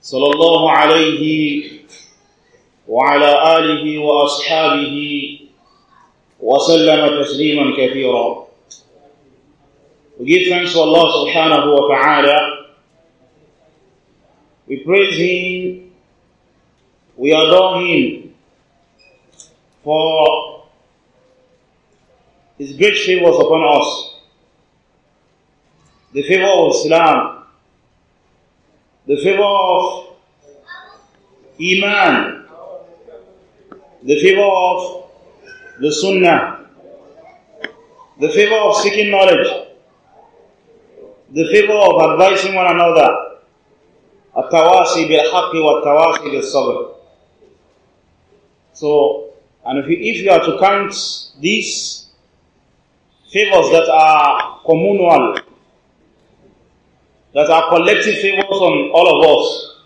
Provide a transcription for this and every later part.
صلى الله عليه وعلى آله وأصحابه وسلم تسليما كثيرا We give thanks to Allah subhanahu wa ta'ala. We praise Him. We adore Him for His great favors upon us. The favor of Islam the favor of Iman, the favor of the Sunnah, the favor of seeking knowledge, the favor of advising one another. bil-haqi wa ta'wasi bil-sabr. So, and if you, if you are to count these favors that are communal that are collective favors on all of us.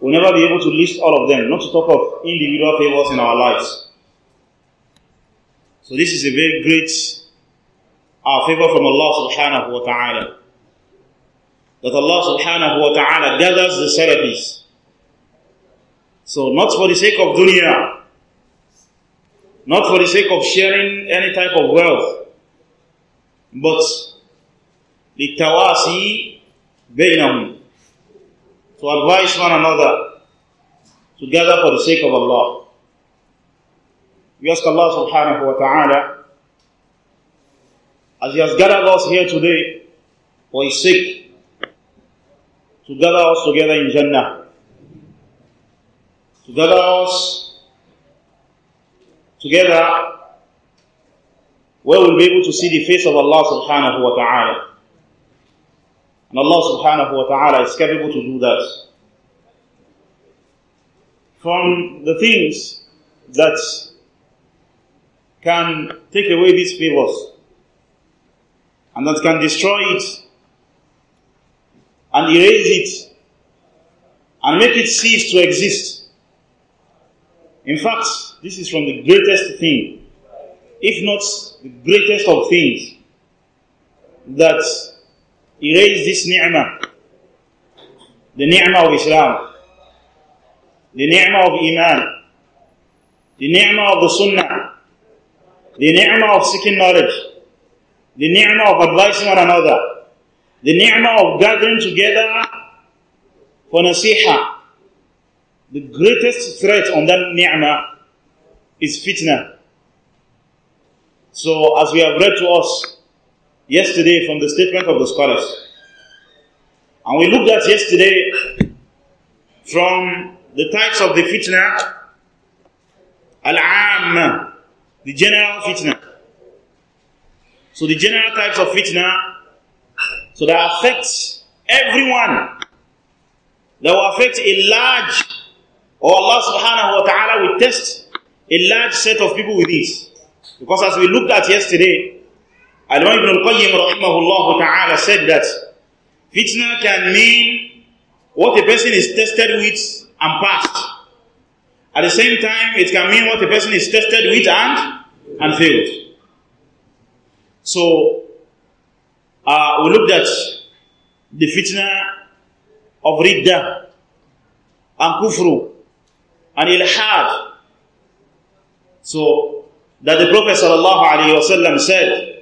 We'll never be able to list all of them, not to talk of individual favors in our lives. So this is a very great uh, favor from Allah subhanahu wa ta'ala. That Allah subhanahu wa ta'ala gathers the serapis. So not for the sake of dunya, not for the sake of sharing any type of wealth, but للتواسي بينهم to advise one another together for the sake of Allah. We ask Allah subhanahu wa ta'ala as He has gathered us here today for His sake to gather us together in Jannah, to gather us together where we'll be able to see the face of Allah subhanahu wa ta'ala. And Allah subhanahu wa ta'ala is capable to do that. From the things that can take away these favors and that can destroy it and erase it and make it cease to exist. In fact, this is from the greatest thing, if not the greatest of things, that erase this ni'mah, the ni'mah of Islam, the ni'mah of Iman, the ni'mah of the Sunnah, the ni'mah of seeking knowledge, the ni'mah of advising one another, the ni'mah of gathering together for nasiha. The greatest threat on that ni'mah is fitna. So, as we have read to us, yesterday from the statement of the scholars. And we looked at yesterday from the types of the fitna, al-aam, the general fitna. So the general types of fitna, so that affects everyone, that will affect a large, or Allah subhanahu wa ta'ala will test a large set of people with this. Because as we looked at yesterday, Al-Imam Ibn Al-Qayyim rahimahullah ta'ala said that fitna can mean what a person is tested with and passed. At the same time, it can mean what a person is tested with and, and failed. So, uh, we looked at the fitna of Riddah and Kufru and Ilhad. So, that the Prophet sallallahu alayhi wa sallam said,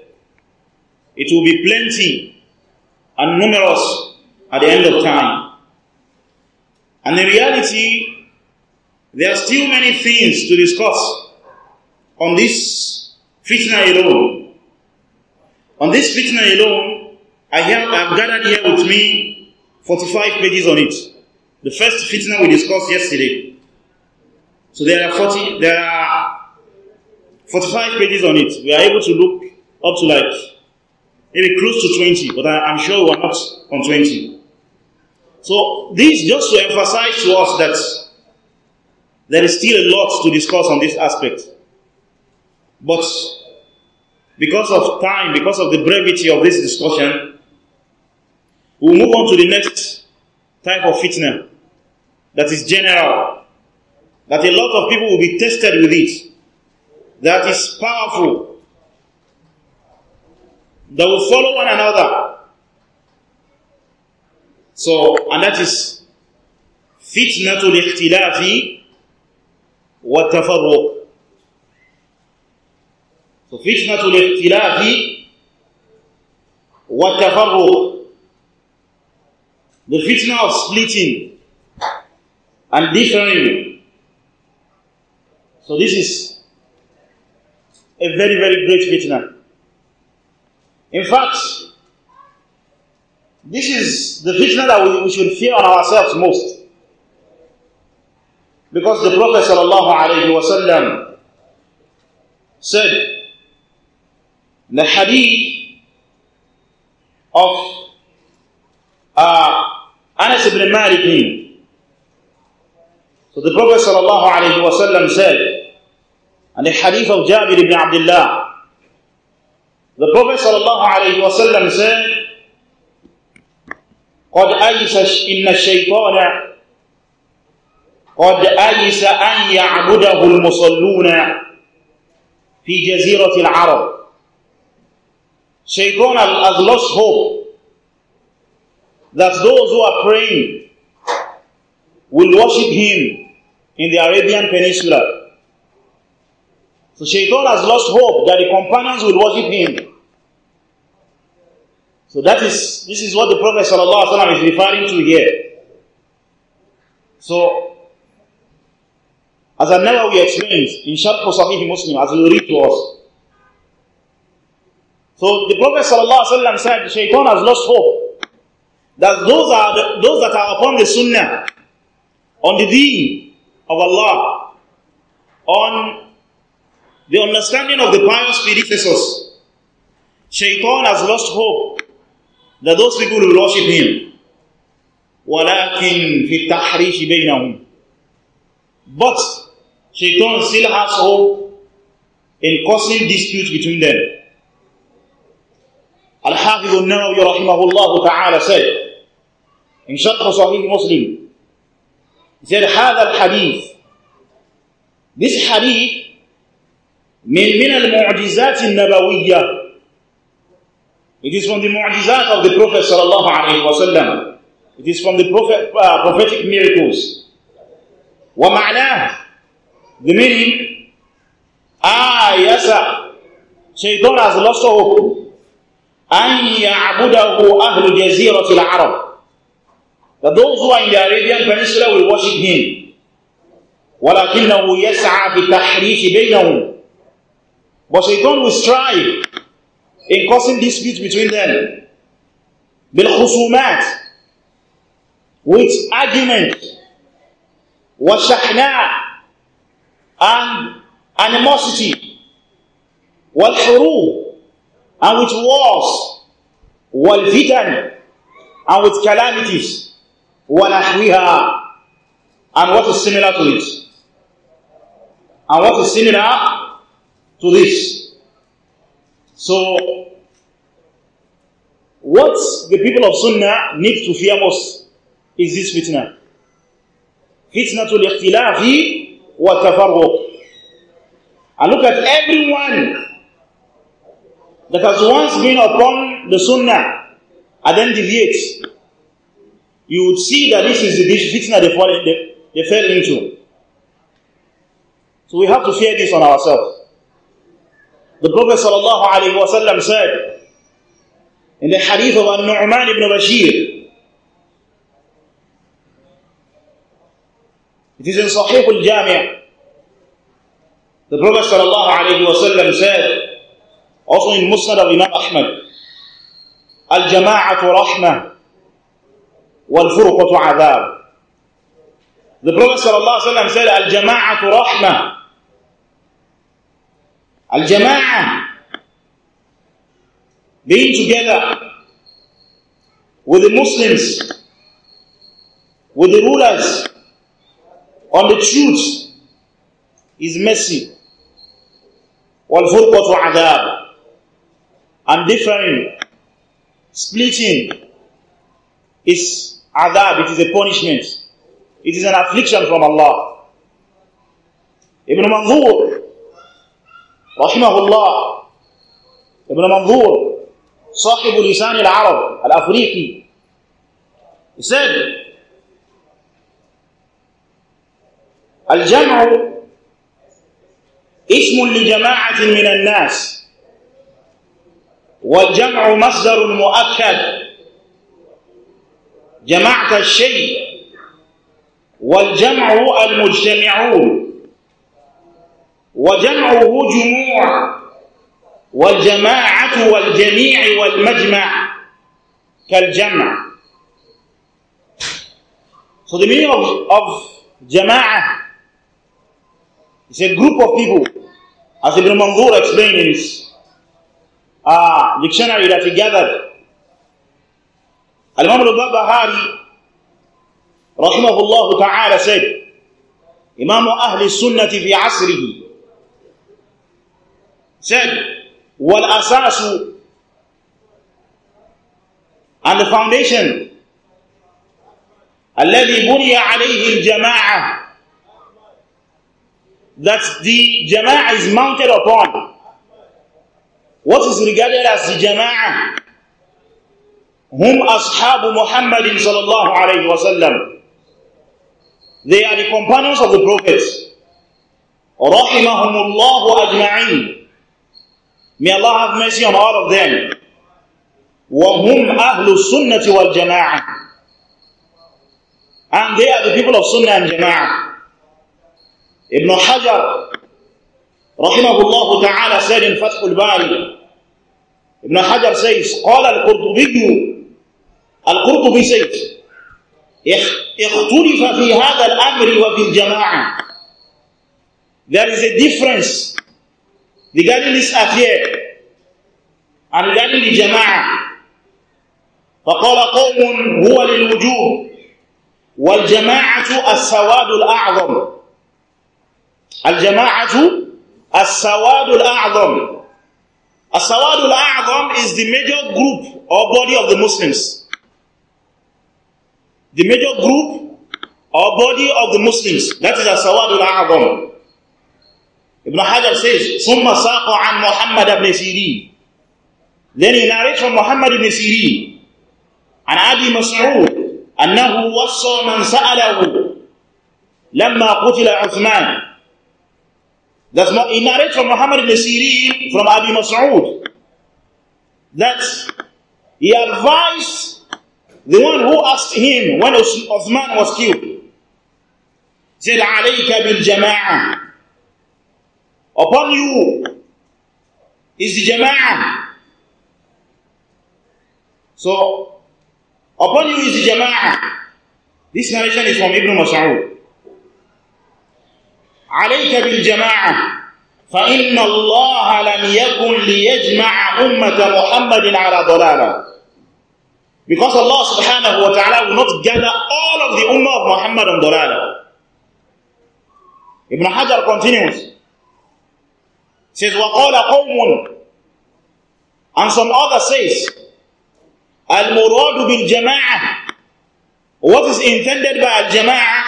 it will be plenty and numerous at the end of time. And in reality, there are still many things to discuss on this fitna alone. On this fitna alone, I have I've gathered here with me 45 pages on it. The first fitna we discussed yesterday. So there are 40, there are 45 pages on it. We are able to look up to like maybe close to 20, but I, am sure we are not on 20. So this just to emphasize to us that there is still a lot to discuss on this aspect. But because of time, because of the brevity of this discussion, we'll move on to the next type of fitna that is general, that a lot of people will be tested with it, that is powerful, they will follow one another. So, and that is فتنة wa والتفرق. So, فتنة wa والتفرق. The fitna of splitting and differing. So, this is a very, very great fitna. In fact, this is the fitna that we, we should fear on ourselves most. Because the Prophet ﷺ said, the hadith of uh, Anas ibn Malik. So the Prophet ﷺ said, and the hadith of Jabir ibn Abdullah, the Prophet ﷺ said, قد أيس إن الشيطان قد أيس أن يعبده المصلون في جزيرة العرب Shaytan has lost hope that those who are praying will worship him in the Arabian Peninsula so Shaitan has lost hope that the companions will worship him. So that is this is what the Prophet ﷺ is referring to here. So as I never we explained in Sharq Sahih Muslim as we read to us. So the Prophet ﷺ said Shaitan has lost hope. That those are the, those that are upon the Sunnah, on the deen of Allah, on the understanding of the pious predecessors. Shaitan has lost hope that those people will worship him. ولكن في التحريش بينهم But Shaitan still has hope in causing disputes between them. Al-Hafiz al-Nawawi rahimahullah ta'ala said in Sharh Sahih Muslim, he said, هذا الحديث This hadith من من المعجزات النبوية It is from the mu'jizat of the Prophet صلى الله عليه وسلم It is from the prophet, uh, prophetic miracles. وَمَعْنَاهُ The meaning, ah, yes, sir. Shaitan has lost hope. أَنْ يَعْبُدَهُ أَهْلُ جَزِيرَةِ الْعَرَبِ That those who are in the Arabian Peninsula will worship him. وَلَكِنَّهُ يَسْعَى في بِالتَّحْرِيفِ بَيْنَهُمْ But Shaitan will strive in causing disputes between them. بالخصومات with argument والشحناء and animosity والحروب and with wars والفتن and with calamities ونحوها and what is similar to it and what is similar to this. So, what the people of Sunnah need to fear most is this fitna. Fitna to ikhtilafi wa tafarruq. And look at everyone that has once been upon the Sunnah and then deviates. You would see that this is the fitna they fell into. So we have to fear this on ourselves. The Prophet sallallahu alayhi wa sallam said in the hadith of An-Nu'man ibn Bashir, it is in Sahih al-Jami' The Prophet sallallahu alayhi wa sallam said, also in Musnad of Imam Ahmad, Al-jama'atu rahmah wal-furqatu adab. The Prophet sallallahu alayhi wa sallam said, Al-jama'atu rahmah Al Jama'ah, being together with the Muslims, with the rulers on the truth is mercy. والفرقة عذاب and differing, splitting is adab, it is a punishment. It is an affliction from Allah. Ibn Manzur رحمه الله ابن منظور صاحب لسان العرب الافريقي said الجمع اسم لجماعة من الناس والجمع مصدر مؤكد جمعت الشيء والجمع المجتمعون وجمعه جموع والجماعة والجميع والمجمع كالجمع So the meaning of, of jama'ah is a group of people as Ibn Manzoor explained in his uh, dictionary that he gathered Al-Imam al-Bahari rahimahullah ta'ala said Imam Ahli Sunnati fi asrihi said, Wal asasu, and the foundation, Alayhi بني alayhi الجماعة, that the jama'ah is mounted upon. What is regarded as the jama'ah? Whom ashabu Muhammadin sallallahu alayhi wa sallam. They are the companions of the Prophet. Rahimahumullah الله أجمعين May Allah have mercy on all of them. وَهُمْ أَهْلُ السُنَّةِ وَالْجَمَاعَةِ And they are the people of Sunnah and Jama'ah. Ibn Hajar, رحمه الله تعالى said in Fath al-Bari, Ibn Hajar says, قال القرطبي القرطبي says, اختلف في هذا الأمر وفي الجماعة. There is a difference regarding this affair and regarding the jama'ah فقال قوم هو للوجوه والجماعة السواد الأعظم الجماعة السواد الأعظم السواد الأعظم is the major group or body of the Muslims the major group or body of the Muslims that is السواد الأعظم Ibn Hajar says, Summa saqo an Muhammad ibn Sirin. Then he narrates from Muhammad ibn Sirin, An أبي Mas'ud, أنه وصى man sa'alahu, لما قتل Uthman. That's not, he narrates from Muhammad ibn Sirin, from Abi Mas'ud, that he advised the one who asked him when Uthman was killed. He said, عَلَيْكَ بِالْجَمَاعَةِ upon you is the jama'ah. So, upon you is the jama'ah. This narration is from Ibn Mas'ud. عليك بالجماعة فإن الله لم يكن ليجمع أمة محمد على ضلالة Because Allah subhanahu wa ta'ala will not gather all of the ummah of Muhammad on ضلالة Ibn Hajar continues says وَقَالَ قَوْمٌ and some other says al-muradu bil-jama'ah what is intended by al-jama'ah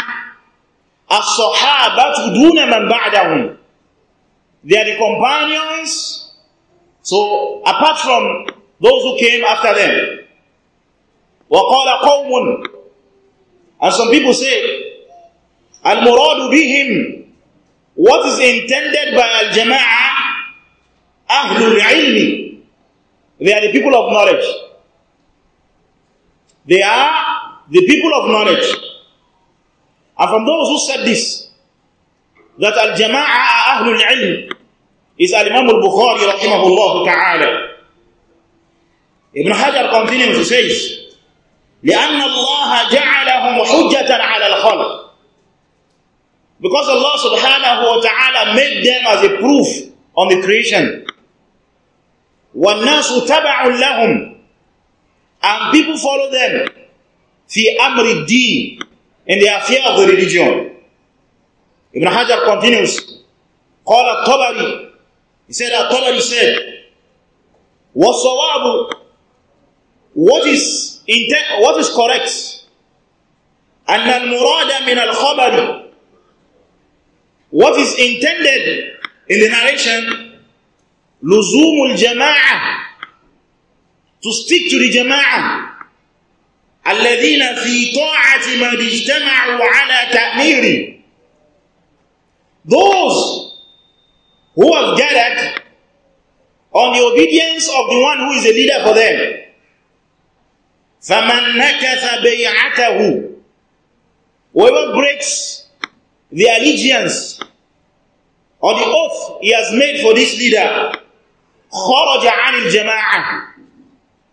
as-sahabatu duna man ba'dahum they are the companions so apart from those who came after them وَقَالَ قَوْمٌ and some people say al-muradu bihim what is intended by al-jama'ah Ahlul ilmi. They are the people of knowledge. They are the people of knowledge. And from those who said this, that al-jama'ah ahlul ilm is al-imam al-Bukhari rahimahullah ta'ala. Ibn Hajar continues, he says, لأن الله جعلهم حجة على الخلق Because Allah subhanahu wa ta'ala made them as a proof on the creation. وَالنَّاسُ تَبَعٌ لَهُمْ And people follow them في أمر الدين in the affair of the religion. Ibn Hajar continues, قال الطبري He said, الطبري said, وَالصَّوَابُ What is, what is correct? أن المراد من الخبر What is intended in the narration لزوم الجماعة to stick to the جماعة الذين في طاعة من اجتمعوا على تأمير those who have gathered on the obedience of the one who is a leader for them فَمَنْ نَكَثَ بَيْعَتَهُ Whoever breaks the allegiance or the oath he has made for this leader خرج عن الجماعة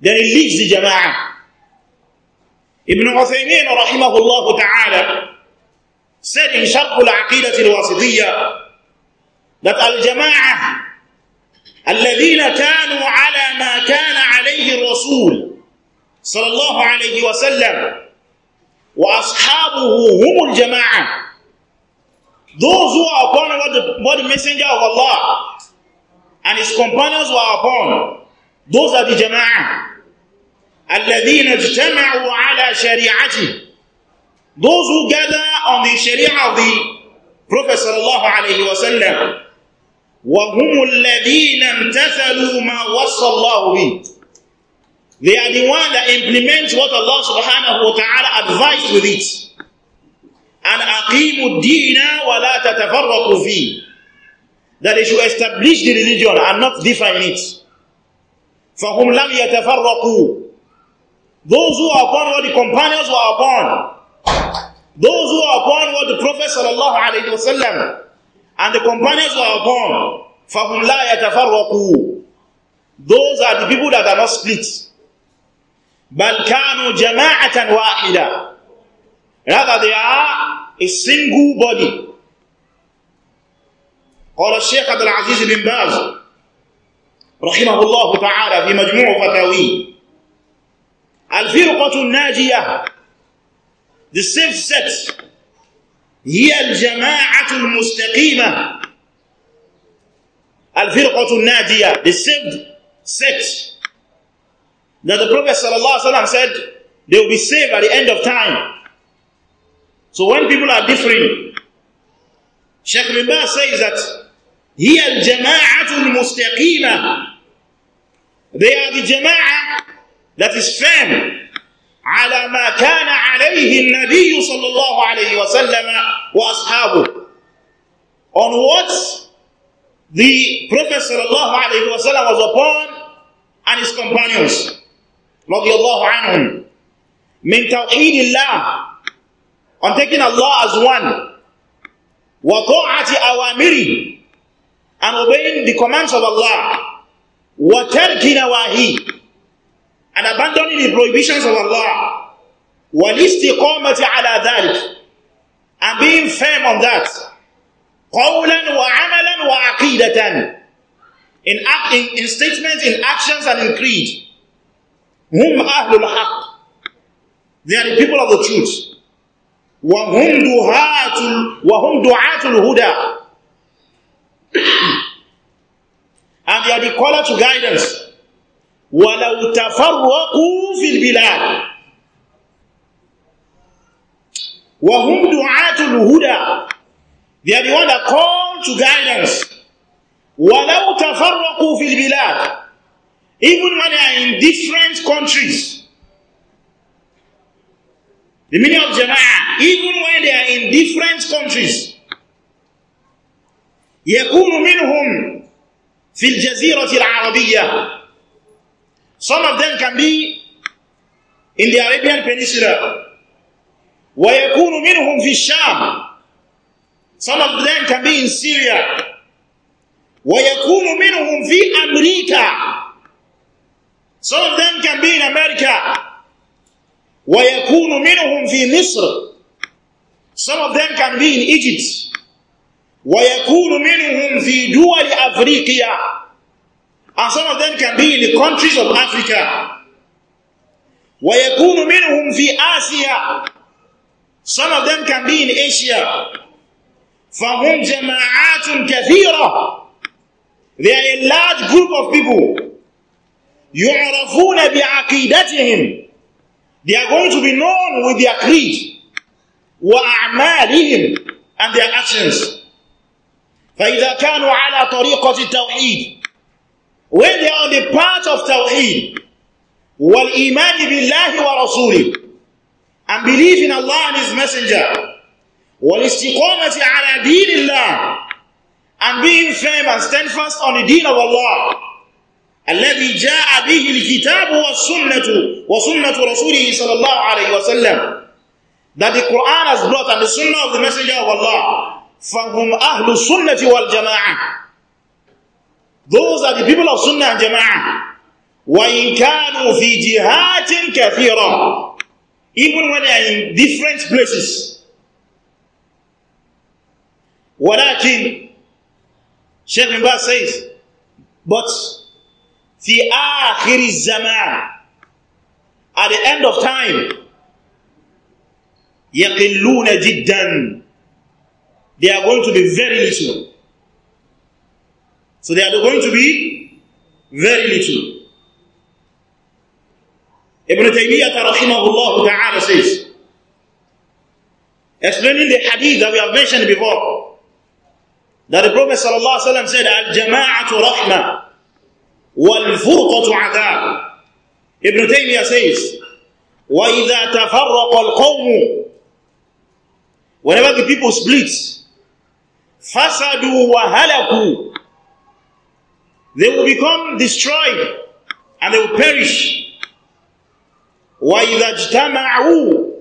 ده الليجز جماعة ابن عثيمين رحمه الله تعالى سد شرح العقيدة الواسطية ده الجماعة الذين كانوا على ما كان عليه الرسول صلى الله عليه وسلم وأصحابه هم الجماعة those who are upon what the, what the messenger of Allah and his companions were upon. Those are the jama'ah. الَّذِينَ اجْتَمَعُوا عَلَى شَرِيعَتِهِ Those who gather on the sharia of the Prophet صلى الله عليه وسلم وَهُمُ الَّذِينَ امْتَثَلُوا مَا وَصَّى اللَّهُ بِهِ They are the one that implement what Allah subhanahu wa ta'ala advised with it. And أَقِيمُوا الدِّينَ وَلَا تَتَفَرَّقُوا فِيهِ that they should establish the religion and not define it. فَهُمْ لَمْ يَتَفَرَّقُوا Those who are upon what the companions were upon, those who are upon what the Prophet sallallahu alayhi wasallam and the companions were upon, فَهُمْ لَا يَتَفَرَّقُوا Those are the people that are not split. بَلْ كَانُوا جَمَاعَةً وَاحِدًا Rather they are a single body. قال الشيخ عبد العزيز بن باز رحمه الله تعالى في مجموع فتاوي الفرقة الناجية the safe set هي الجماعة المستقيمة الفرقة الناجية the safe set that the Prophet صلى الله عليه وسلم said they will be saved at the end of time so when people are differing Sheikh Limba says that هي الجماعة المستقيمة They are the جماعة that is firm على ما كان عليه النبي صلى الله عليه وسلم وأصحابه on what the Prophet صلى الله عليه وسلم was upon and his companions رضي الله عنهم من توحيد الله on taking Allah as one وطاعة أوامره and obeying the commands of Allah, وَتَرْكِ and abandoning the prohibitions of Allah, وَالِسْتِقَامَةِ عَلَى ذَلِكَ and being firm on that, قَوْلًا وَعَمَلًا وَعَقِيدَةً in, act, in, in statements, in actions, and in creed. هُمْ أَهْلُ They are the people of the truth. وَهُمْ دُعَاتُ الْهُدَى and they are the caller to guidance walau tafarraqu fil bilad wa hum du'atul huda they are the one that call to guidance walau tafarraqu fil bilad even when they are in different countries the meaning of jama'ah even when they are in different countries يكون منهم في الجزيرة العربية Some of them can be in the Arabian Peninsula. ويكون منهم في الشام. Some of them can be in Syria. ويكون منهم في أمريكا. Some of them can be in America. ويكون منهم في مصر. Some of them can be in Egypt. ويكون منهم في دول أفريقيا and some of them can be in the countries of Africa ويكون منهم في آسيا some of them can be in Asia فهم جماعات كثيرة they are a large group of people يعرفون بعقيدتهم they are going to be known with their creed وأعمالهم and their actions فإذا كانوا على طريقة التوحيد when they are on the path of tawheed والإيمان بالله ورسوله and belief in Allah and His Messenger والاستقامة على دين الله and being firm and steadfast on the deen of Allah الذي جاء به الكتاب والسنة وسنة رسوله صلى الله عليه وسلم that the Quran has brought and the Sunnah of the Messenger of Allah فهم أهل السنة والجماعة those are the people of Sunnah and Jama'ah وإن كانوا في جهات كثيرة even when they are in different places ولكن شيخ بن باز says but في آخر الزمان at the end of time يقلون جداً they are going to be very little. So they are going to be very little. Ibn Taymiyyah rahimahullah ta'ala says, explaining the hadith that we have mentioned before, that the Prophet sallallahu alaihi wasallam said, "Al-jama'atu rahma, wal-furqatu adab." Ibn Taymiyyah says, "Wa idha tafarraqa whenever the people split, fasadu wa halaku. They will become destroyed and they will perish. وَإِذَا اجْتَمَعُوا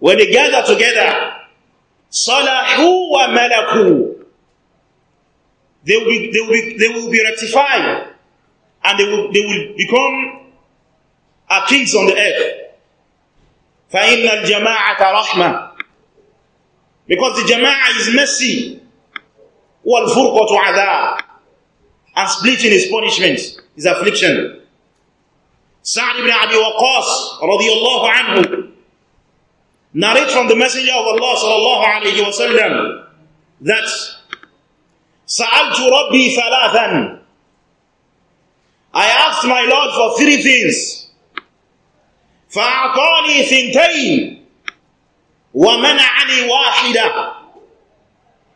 When they gather together, صَلَحُوا وَمَلَكُوا They will be, they will be, they will be rectified and they will, they will become a kings on the earth. فَإِنَّ الْجَمَاعَةَ رَحْمَةً Because the jama'ah is mercy. والفرقة عذاب and splitting is punishment is affliction Sa'd ibn Abi رضي الله عنه narrates from the messenger of Allah صلى الله عليه وسلم that سألت ربي ثلاثا. I asked my Lord for three things فأعطاني ثنتين ومنعني واحدة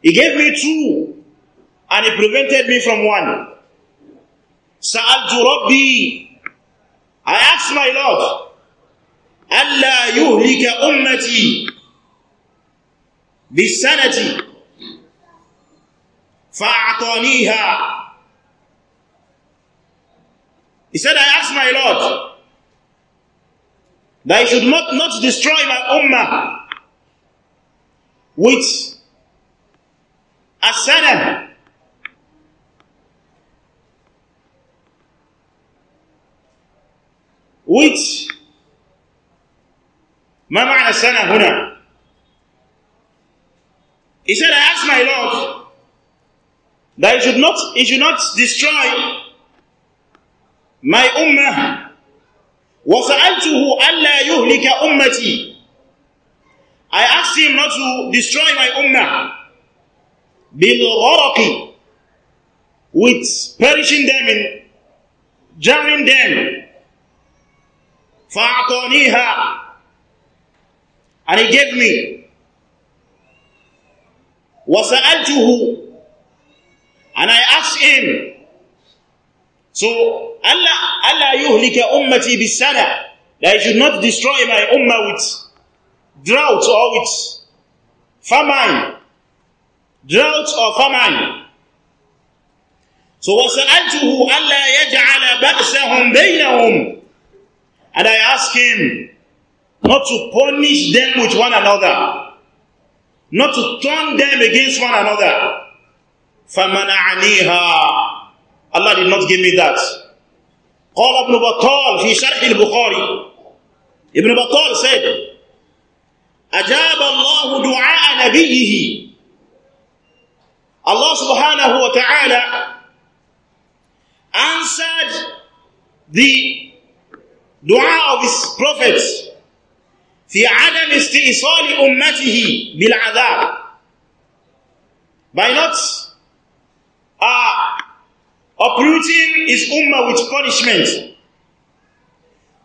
He gave me two and he prevented me from one. Sa'altu Rabbi, I asked my Lord, Allah yuhlika ummati bisanati fa'ataniha. He said, I asked my Lord that he should not, not destroy my ummah with a sanah which ما معنى سنة هنا he said I asked my Lord that he should not he should not destroy my ummah وسألته ألا يهلك أمتي I asked him not to destroy my ummah بالغرق with perishing them and drowning them فَأَعْطَانِيهَا And he gave me. وَسَأَلْتُهُ And I asked him. So, Allah, Allah يُهْلِكَ أُمَّتِي بِالسَّنَةِ That I should not destroy my ummah with drought or with famine. Drought or famine. So وسألته ألا يجعل بأسهم بينهم and I ask him not to punish them with one another, not to turn them against one another. فَمَنَعَنِيهَا Allah did not give me that. قال ابن بطال في شرح البخاري ابن بطال said أجاب الله دعاء نبيه Allah subhanahu wa ta'ala answered the دعاء of في عدم استئصال أمته بالعذاب by not uh, uprooting his ummah with punishment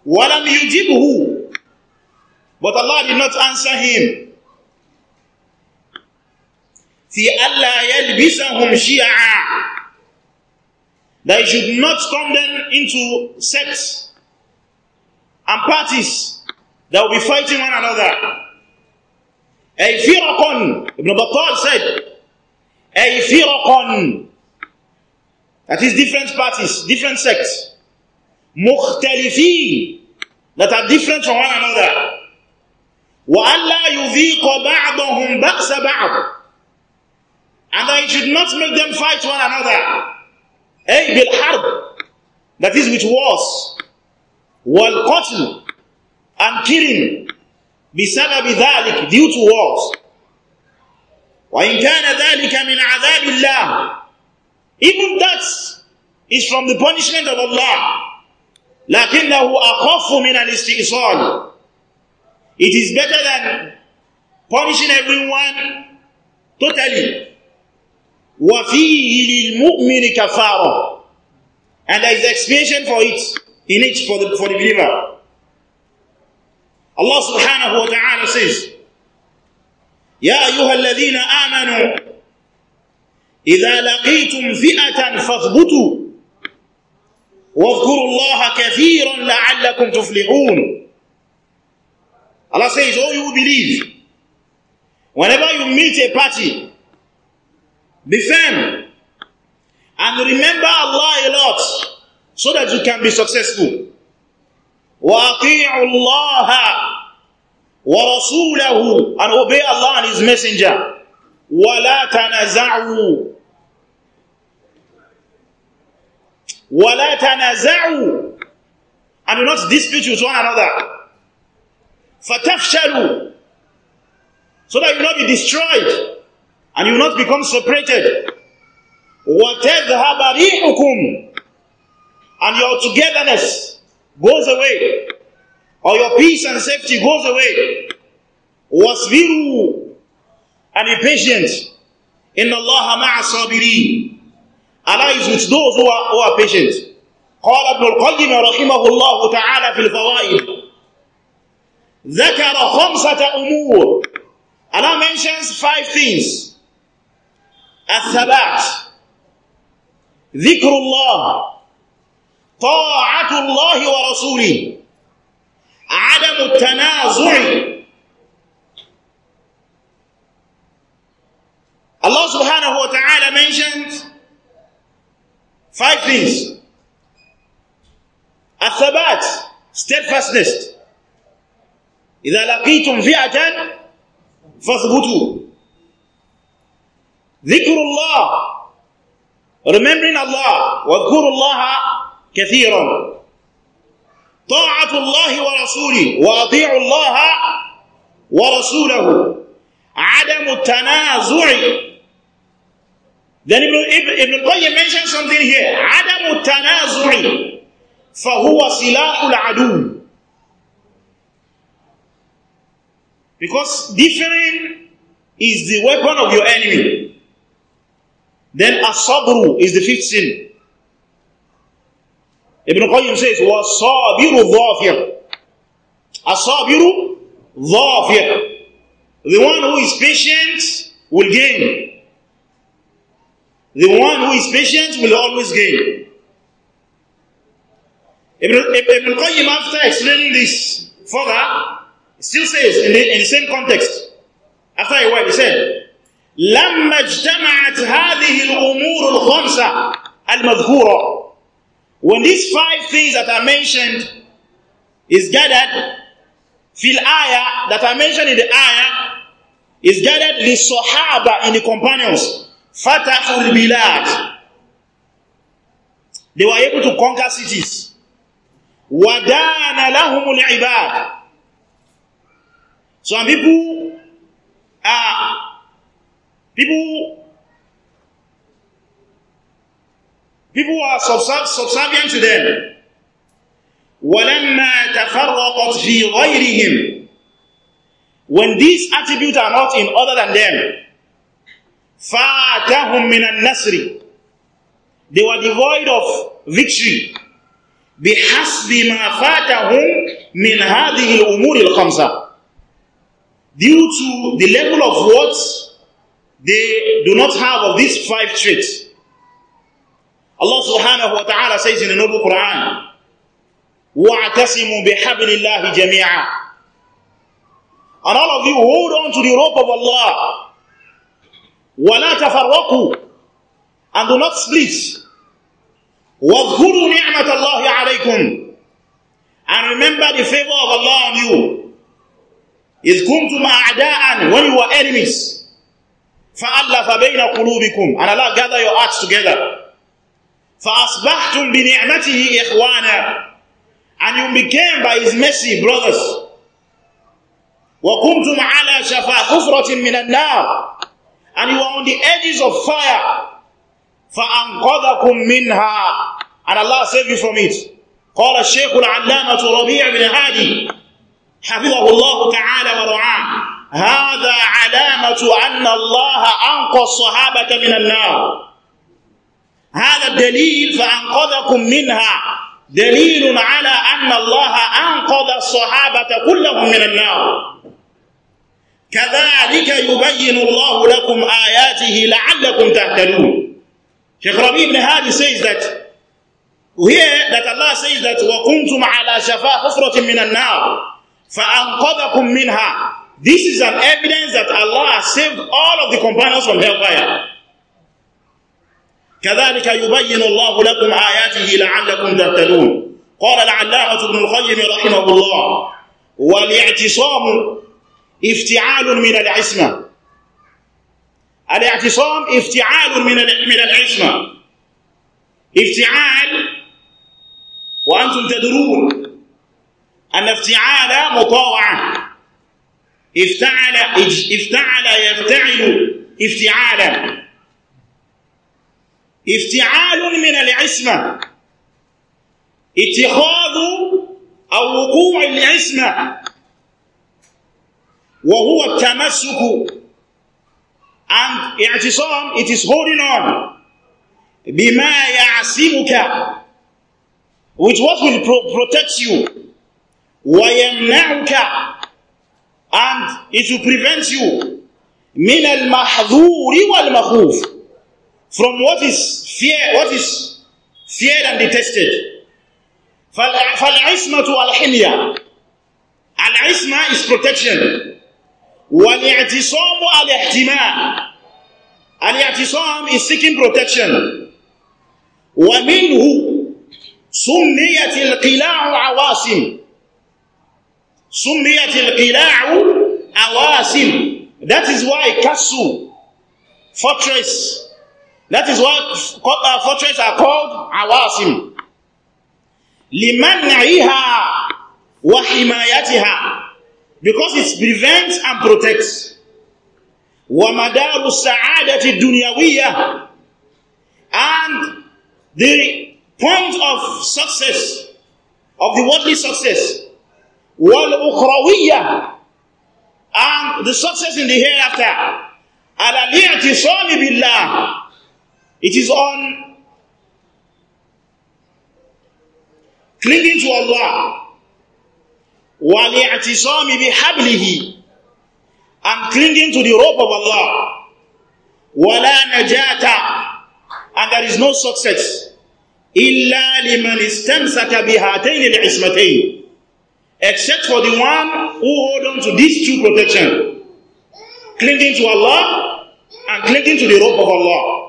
ولم يجبه but Allah did not answer him في ألا يلبسهم شيعا they should not come them into sects and parties that will be fighting one another. A firaqan, Ibn Battal said, a firaqan, that is different parties, different sects, مختلفين, that are different from one another. Wa وَأَلَّا يُذِيقَ بَعْضَهُمْ بَأْسَ بَعْض And that it should not make them fight one another. أي بالحرب, that is with wars. والقتل and killing بسبب ذلك due to wars وإن كان ذلك من عذاب الله even that is from the punishment of Allah لكنه أخف من الاستئصال it is better than punishing everyone totally وفيه للمؤمن كفارة and there is expiation for it in it for the, for the believer. Allah subhanahu wa ta'ala says, يا أيها الذين آمنوا إذا لقيتم فئة فاثبتوا واذكروا الله كثيرا لعلكم تفلحون Allah says, oh you believe, whenever you meet a party, be firm and remember Allah a lot so that you can be successful. وَأَطِيعُوا اللَّهَ وَرَسُولَهُ And obey Allah and His Messenger. وَلَا تَنَزَعُوا وَلَا تَنَزَعُوا And do not dispute with one another. فَتَفْشَلُوا So that you will not be destroyed and you will not become separated. وَتَذْهَبَ رِيحُكُمْ and your togetherness goes away, or your peace and safety goes away. Wasbiru and be patient. In Allah ma'asabirin. Allah is with those who are, who are patient. قال ابن القيم رحمه الله تعالى في الفوائد ذكر خمسة أمور Allah mentions five things الثبات ذكر الله طاعه الله ورسوله عدم التنازع الله سبحانه وتعالى mentioned five things الثبات steadfastness إذا لقيتم فئة فاثبتوا ذكر الله remembering Allah واذكروا الله كثيرا طاعة الله ورسوله وأطيع الله ورسوله عدم التنازع Then Ibn, Ibn Qayyim mentioned something here. عدم التنازع فهو سلاح العدو. Because differing is the weapon of your enemy. Then al-Sabru is the fifth sin. Ibn Qayyim says, وَصَابِرُ ظَافِرُ أَصَابِرُ ظَافِرُ The one who is patient will gain. The one who is patient will always gain. Ibn, Ibn Qayyim, after explaining this further, still says in the, in the same context, after a while, he said, لما اجتمعت هذه الأمور الخمسة المذكورة When these five things that are mentioned is gathered, fil ayah that are mentioned in the ayah is gathered the sahaba in the companions. Fatahul bilad. They were able to conquer cities. Wadana lahumul ibad. Some people are people people who are subservient to them. وَلَمَّا تَفَرَّقَتْ فِي غَيْرِهِمْ When these attributes are not in other than them, فَاتَهُمْ مِنَ النَّصْرِ They were devoid of victory. بِحَسْبِ مَا فَاتَهُمْ مِنْ هَذِهِ الْأُمُورِ الْخَمْسَةِ Due to the level of what they do not have of these five traits. Allah subhanahu wa ta'ala says in the noble Quran, بِحَبْلِ اللَّهِ جَمِيعًا And all of you hold on to the rope of Allah. وَلَا تَفَرَّقُوا And do not split. وَاذْكُرُوا نِعْمَةَ اللَّهِ عَلَيْكُمْ And remember the favor of Allah on you. إِذْ كُنْتُمْ أَعْدَاءً When you were enemies. فَأَلَّفَ بَيْنَ قُلُوبِكُمْ And Allah gather your hearts together. فأصبحتم بنعمته إخوانا and you became by his mercy brothers وكنتم على شفا حفرة من النار and you are on the edges of fire فأنقذكم منها and Allah save you from it قال الشيخ العلامة ربيع بن هادي حفظه الله تعالى ورعاه هذا علامة أن الله أنقى الصحابة من النار هذا الدليل فأنقذكم منها دليل على أن الله أنقذ الصحابة كلهم من النار كذلك يبين الله لكم آياته لعلكم تهتدون شيخ Rabi بن هادي says that here that Allah says that وَكُنْتُمْ عَلَى شَفَا حُفْرَةٍ مِّنَ النَّارِ فَأَنْقَذَكُم مِّنْهَا This is an evidence that Allah saved all of the companions from hellfire. كذلك يبين الله لكم آياته لعلكم تهتدون قال العلامة ابن القيم رحمه الله والاعتصام افتعال من العصمة الاعتصام افتعال من من العصمة افتعال وأنتم تدرون أن افتعال مطاوعة افتعل افتعل يفتعل افتعالا افتعال من العصمة اتخاذ أو وقوع العصمة وهو التمسك and اعتصام it is holding on بما يعصمك which what will pro protect you ويمنعك and it will prevent you من المحظور والمخوف from what is fear, what is feared and detested. فَالْعِصْمَةُ الْحِمْيَةُ al Al-isma is protection. وَالْاِعْتِصَامُ الْاِحْتِمَاءُ Al-i'tisam is seeking protection. وَمِنْهُ سُمِّيَتِ الْقِلَاعُ عَوَاسِمُ سُمِّيَتِ الْقِلَاعُ عَوَاسِمُ That is why Kassu, fortress, that is what our uh, fortresses are called awasim. لِمَنْعِهَا وَحِمَايَتِهَا Because it prevents and protects. وَمَدَارُ السَّعَادَةِ الدُّنْيَوِيَّةِ And the point of success, of the worldly success, وَالْأُخْرَوِيَّةِ And the success in the hereafter. عَلَى الْيَعْتِصَامِ بِاللَّهِ it is on clinging to Allah وَلِيَعْتِصَامِ hablihi, and clinging to the rope of Allah وَلَا نَجَاةَ and there is no success إِلَّا لِمَنْ إِسْتَمْسَكَ بِهَاتَيْنِ الْعِسْمَتَيْنِ except for the one who hold on to these two protection clinging to Allah and clinging to the rope of Allah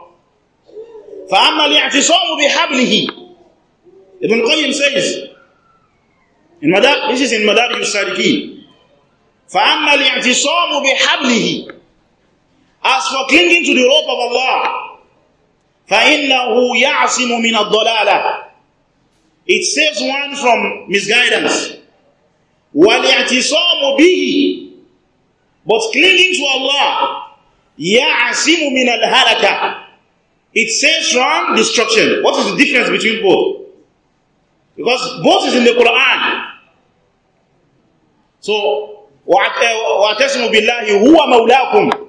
فأما الاعتصام بحبله ابن القيم says in Madar this is in Madarij al فأما الاعتصام بحبله as for clinging to the rope of Allah فإنه يعصم من الضلالة it saves one from misguidance والاعتصام به but clinging to Allah يعصم من الهلكة It saves from destruction. What is the difference between both? Because both is in the Quran. So, وَاعْتَسِمُوا بِاللَّهِ هُوَ مَوْلَاكُمْ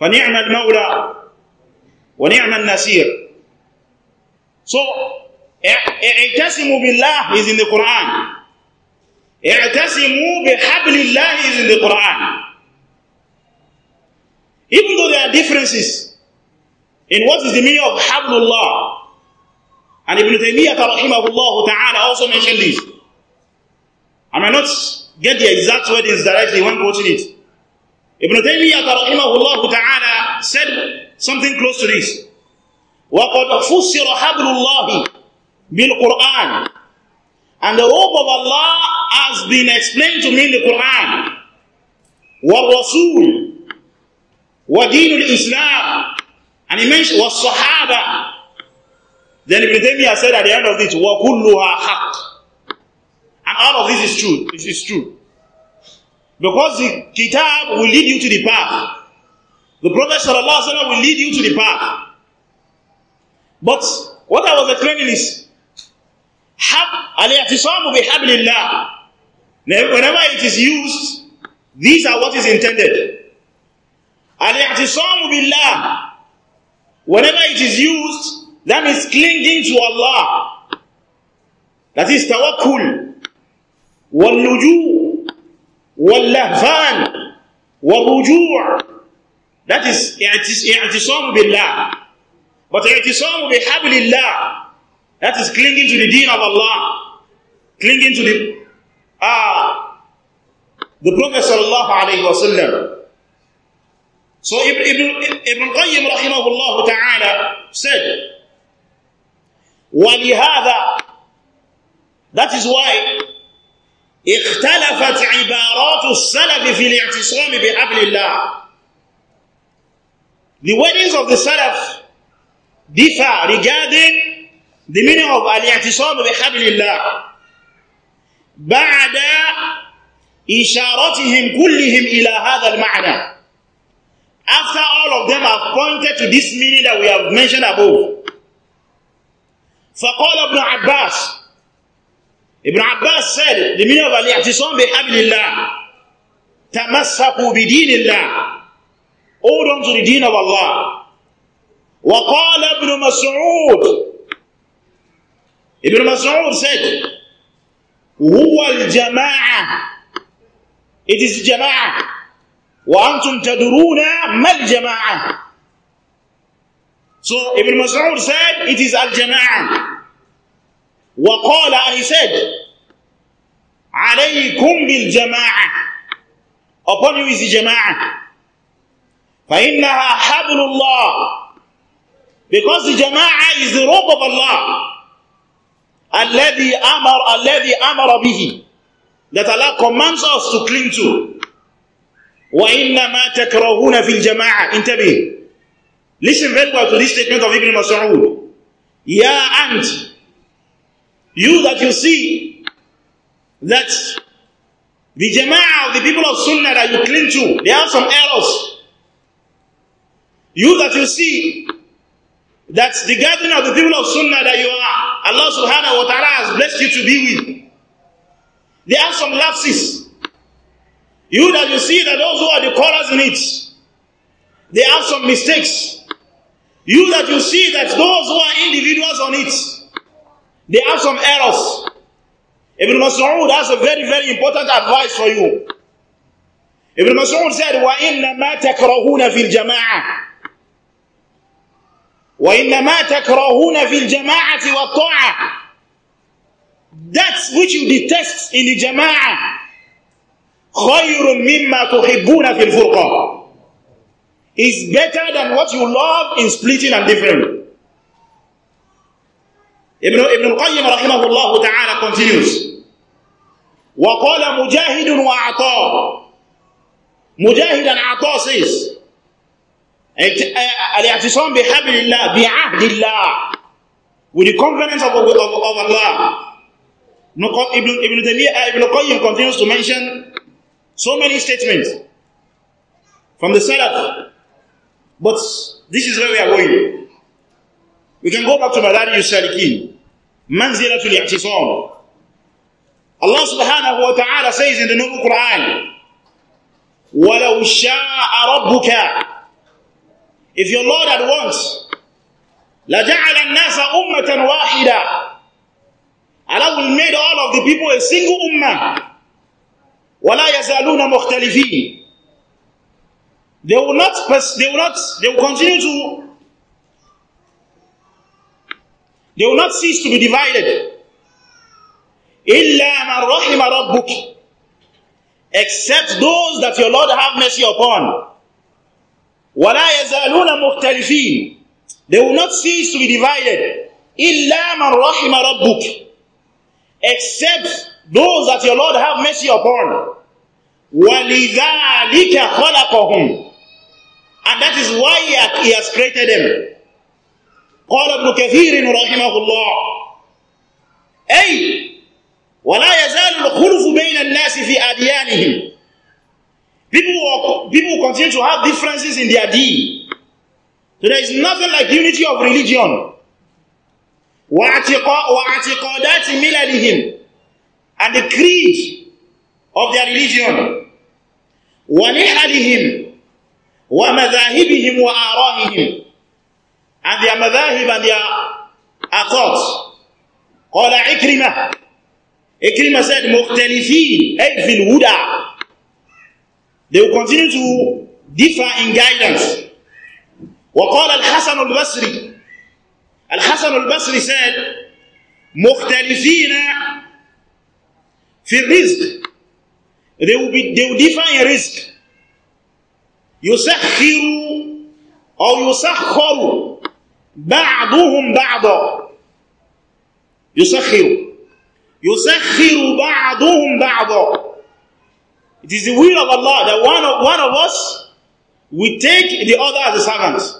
فَنِعْمَ الْمَوْلَى وَنِعْمَ النَّسِيرُ So, اِعْتَسِمُوا بِاللَّهِ is in the Quran. اِعْتَسِمُوا بِحَبْلِ اللَّهِ is in the Quran. Even though there are differences, in what is the meaning of Hablullah? And Ibn Taymiyyah rahimahullah ta'ala also mentioned this. I may not get the exact wordings directly when quoting it. Ibn Taymiyyah rahimahullah ta'ala said something close to this. وَقَدْ فُسِّرَ حَبْلُ اللَّهِ بِالْقُرْآنِ And the rope of Allah has been explained to me in the Quran. وَالرَّسُولِ وَدِينُ الْإِسْلَامِ And he mentioned, was Sahaba. Then Ibn Taymiyyah said at the end of this, وَكُلُّهَا حَقٍّ And all of this is true. This is true. Because the kitab will lead you to the path. The Prophet sallallahu ﷺ will lead you to the path. But what I was explaining is, al-i'tisamu bihablillah. Whenever it is used, these are what is intended. Al-i'tisamu billah Whenever it is used, that means clinging to Allah. That is tawakkul. والنجوع واللهفان والرجوع That is اعتصام allah But اعتصام بحبل Allah. That is clinging to the deen of Allah Clinging to the uh, the Prophet sallallahu alayhi wa sallam So Ibn, Ibn, Ibn Qayyim rahimahullah ta'ala said, وَلِهَذَا That is why اختلفت عبارات السلف في الاعتصام بحبل الله The wordings of the Salaf differ regarding the meaning of الاعتصام بحبل الله بعد إشارتهم كلهم إلى هذا المعنى After all of them have pointed to this meaning that we have mentioned above. فقال ابن عباس ابن عباس said the meaning of الاعتصام بحبل الله تمسكوا بدين الله hold on to the deen of Allah وقال ابن مسعود ابن مسعود said هو الجماعة it is الجماعة وأنتم تدرون ما الجماعة So Ibn Mas'ud said it is al-jama'ah. وقال and he said عليكم بالجماعة upon you is the jama'ah. فإنها حبل الله because the jamaa is the rope of Allah الذي أمر الذي أمر به that Allah commands us to cling to وإنما تكرهون في الجماعة انتبه listen very well to this statement of Ibn Mas'ud يا أنت you that you see that the jama'ah of the people of Sunnah that you cling to they have some errors you that you see that the gathering of the people of Sunnah that you are Allah subhanahu wa ta'ala has blessed you to be with they have some lapses You that you see that those who are the callers in it, they have some mistakes. You that you see that those who are individuals on it, they have some errors. Ibn Mas'ud has a very, very important advice for you. Ibn Mas'ud said, وَإِنَّمَا تَكْرَهُونَ فِي الْجَمَاعَةِ وَإِنَّمَا تَكْرَهُونَ فِي الْجَمَاعَةِ وَالطَّاعَةِ That which you detest in the jama'ah khayrun mimma tuhibbuna fil furqa is better than what you love in splitting and differing. Ibn, Ibn qayyim rahimahullah ta'ala continues. وَقَالَ مُجَاهِدٌ وَعَطَاءٌ مجاهد عطاء says الاعتصام بحبل الله بعهد الله with the covenant of, of, of Allah Ibn, Ibn, Ibn uh, Ibn Qayyim continues to mention so many statements from the Salaf. But this is where we are going. We can go back to Madari Salikin. Manzilatul I'tisam. Allah subhanahu wa ta'ala says in the Noble Quran, وَلَوْ شَاءَ رَبُّكَ If your Lord had wants, لَجَعَلَ النَّاسَ أُمَّةً وَاحِدًا Allah will made all of the people a single ummah. ولا يزالون مختلفين they will not they will not they will continue to they will not cease to be divided إلا من رحم ربك except those that your Lord have mercy upon ولا يزالون مختلفين they will not cease to be divided إلا من رحم ربك except those that your Lord have mercy upon. وَلِذَٰلِكَ خَلَقَهُمْ And that is why He has created them. قال ابن كثير رحمه الله أي ولا يزال الخلف بين الناس في أديانهم People, people continue to have differences in their deed. So there is nothing like unity of religion. وَاعْتِقَادَاتِ مِلَلِهِمْ and the creed of their religion وَنِحَلِهِمْ وَمَذَاهِبِهِمْ وَآرَائِهِمْ and their madhahib and their thoughts قال عكرمة عكرمة said مختلفين أي في الهدى they will continue to differ in guidance وقال الحسن البصري الحسن البصري سال مختلفين في الرزق they will, be, they will define risk يسخر أو يسخر بعضهم بعضا يسخر يسخر بعضهم بعضا It is the will of Allah that one of, one of us we take the other as a servant.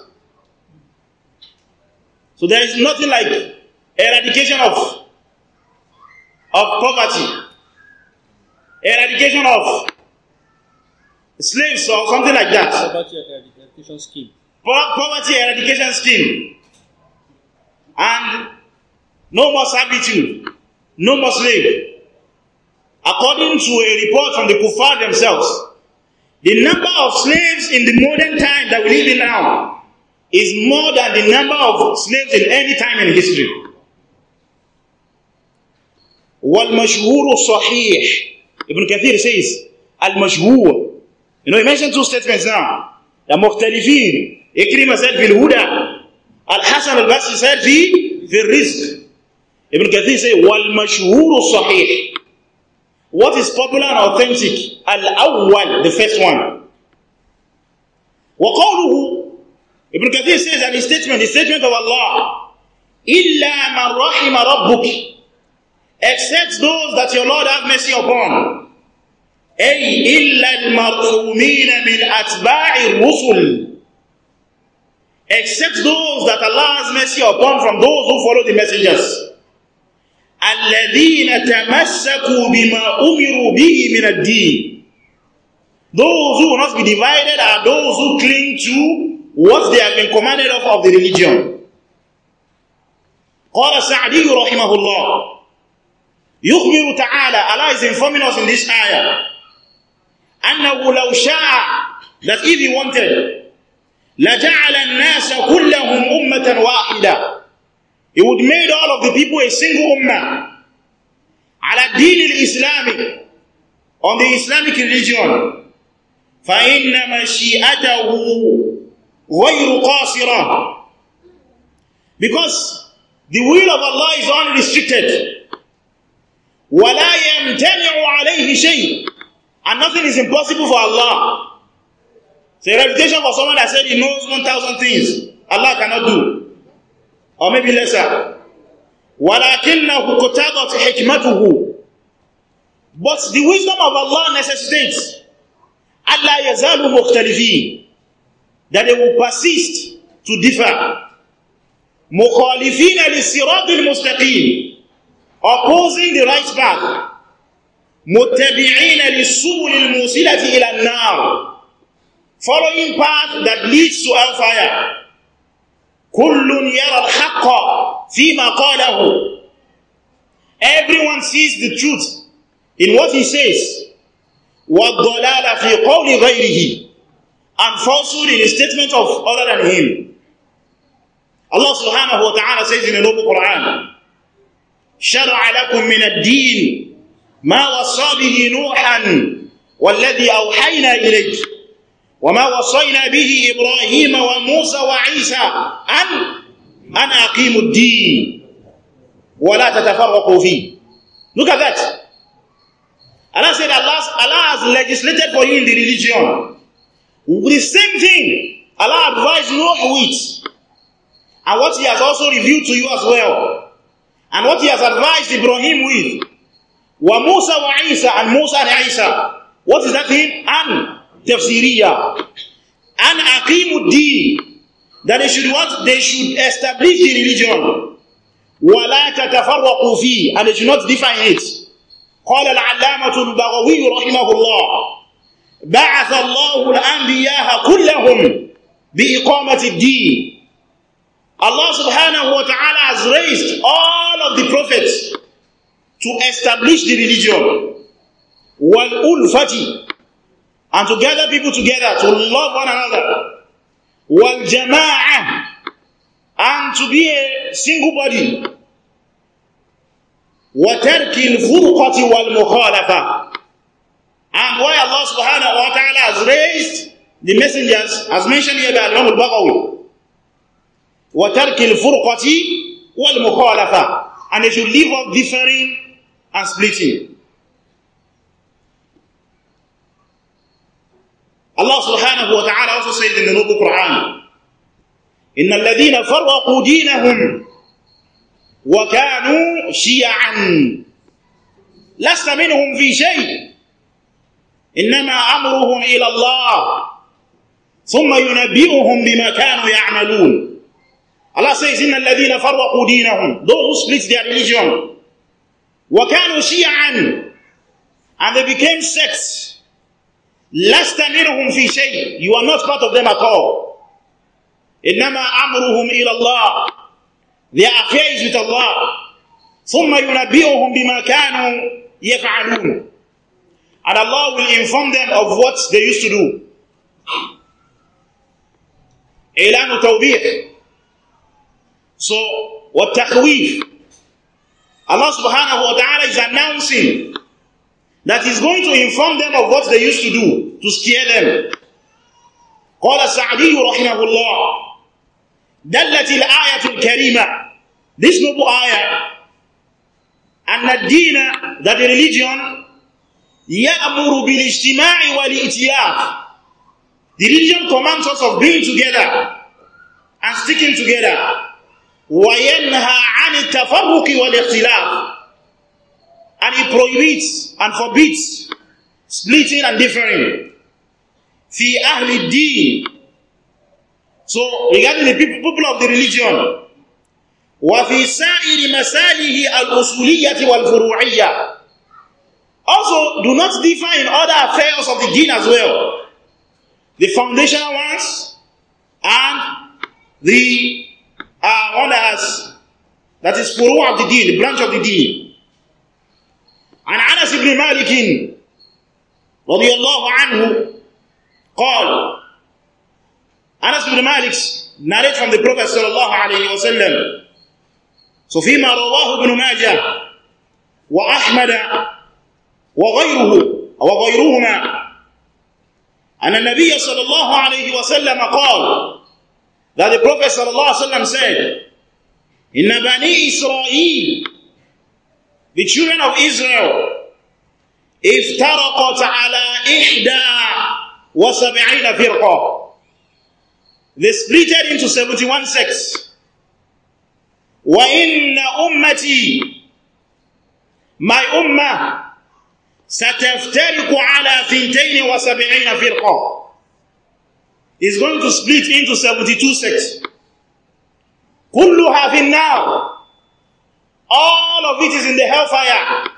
So there is nothing like eradication of, of poverty, eradication of slaves or something like that. Poverty eradication scheme. poverty eradication scheme. And no more servitude, no more slave. According to a report from the Kufar themselves, the number of slaves in the modern time that we live in now is more than the number of slaves in any time in history. والمشهور صحيح Ibn Kathir says المشهور You know, he mentioned two statements now. The مختلفين Ikrima said في الهدى الحسن البصري said في في الرزق Ibn Kathir says والمشهور صحيح What is popular and authentic? Al-awwal, the first one. وقوله Ibn Kathir says that his statement, the statement of Allah, إِلَّا مَنْ رَحِمَ رَبُّكِ Except those that your Lord have mercy upon. أي إِلَّا الْمَرْحُومِينَ مِنْ أَتْبَاعِ الرُّسُلِ Except those that Allah has mercy upon from those who follow the messengers. الَّذِينَ تَمَسَّكُوا بِمَا أُمِرُوا بِهِ مِنَ الدِّينِ Those who will not be divided are those who cling to what they have been commanded of of the religion. قال سعدي رحمه الله يخبر تعالى Allah is informing us in this ayah أنه لو شاء that if he wanted لجعل الناس كلهم أمة واحدة He would made all of the people a single ummah على الدين الإسلامي on the Islamic religion فإن مشيئته غَيْرُ قَاصِرًا Because the will of Allah is unrestricted. وَلَا يَمْتَنِعُ عَلَيْهِ شَيْءٍ And nothing is impossible for Allah. It's a reputation for someone that said he knows 1,000 things Allah cannot do. Or maybe lesser. وَلَكِنَّهُ قُتَابَتْ حِكْمَتُهُ But the wisdom of Allah necessitates Allah يَزَالُ مُخْتَلِفِينَ that they will persist to differ. مخالفين للصراط المستقيم opposing the right path متبعين للسبل الموصلة إلى النار following path that leads to hellfire كل يرى الحق فيما قاله everyone sees the truth in what he says والضلال فِي قَوْلِ غَيْرِهِ. and falsehood in the statement of other than him. Allah subhanahu wa ta'ala says in the noble Quran, شَرَعَ لَكُم مِّنَ الدِّينِ مَا وَصَى بِهِ نُوحًا وَالَّذِي أَوْحَيْنَا إِلَيْكِ وَمَا وَصَيْنَا بِهِ إِبْرَاهِيمَ وَمُوسَى وَعِيسَى أَنْ أَنْ أَقِيمُوا الدِّينِ وَلَا تَتَفَرَّقُوا فِيهِ Look at that. Allah said Allah, Allah has legislated for you in the religion. The same thing Allah advised Noah with, and what He has also revealed to you as well, and what He has advised Ibrahim with. Wa Musa wa Isa and Musa and Isa. What is that thing? An tafsiriya. An aqimuddin. That they should what? They should establish the religion. ولا تتفرقوا فيه and they should not define it. قال العلامة البغوي رحمه الله بعث الله الأنبياء كلهم بإقامة الدين. Allah subhanahu wa ta'ala has raised all of the prophets to establish the religion. وَالْأُلْفَةِ And to gather people together, to love one another. وَالْجَمَاعَةِ And to be a single body. وَتَرْكِ الْفُرْقَةِ وَالْمُخَالَفَةِ And why Allah subhanahu wa ta'ala has raised the messengers, as mentioned here by Imam al-Baghawi, وَتَرْكِ الْفُرْقَةِ وَالْمُخَالَفَةِ And they should leave off differing and splitting. Allah subhanahu wa ta'ala also said in the Noble Quran, إِنَّ الَّذِينَ فَرَّقُوا دِينَهُمْ وَكَانُوا شِيَعًا لَسْتَ مِنْهُمْ فِي شَيْءٍ إنما أمرهم إلى الله ثم ينبئهم بما كانوا يعملون الله says إن الذين فرقوا دينهم those who split their religion وكانوا شيعا and they became sects لست منهم في شيء you are not part of them at all إنما أمرهم إلى الله their affairs with Allah ثم ينبئهم بما كانوا يفعلون And Allah will inform them of what they used to do. إعلان توبيح. So, والتخويف. Allah subhanahu wa ta'ala is announcing that He's going to inform them of what they used to do, to scare them. قال سعدي رحمه الله دلت الآية الكريمة This noble ayah and the الدين that the religion يأمر بالاجتماع والائتلاف the religion commands us of being together and sticking together وينهى عن التفرق والاختلاف and it prohibits and forbids splitting and differing في أهل الدين so regarding the people of the religion وفي سائر مساله الأصولية والفروعية Also, do not differ in other affairs of the deen as well. The foundational ones and the uh, one that, has, that is for of the deen, the branch of the deen. And Anas ibn Malikin, رضي call. عنه Anas ibn Malik narrate from the Prophet صلى wasallam. So fi So فيما رواه ابن ماجه وأحمد وغيره وغيرهما أن النبي صلى الله عليه وسلم قال that the Prophet صلى الله عليه وسلم said إن بني إسرائيل the children of Israel افترقت على إحدى وسبعين فرقة They splitted into 71 sects. وَإِنَّ أُمَّتِي My ummah ستفترق على وسبعين فرقة is going to split into 72 sects كلها في النار all of it is in the hellfire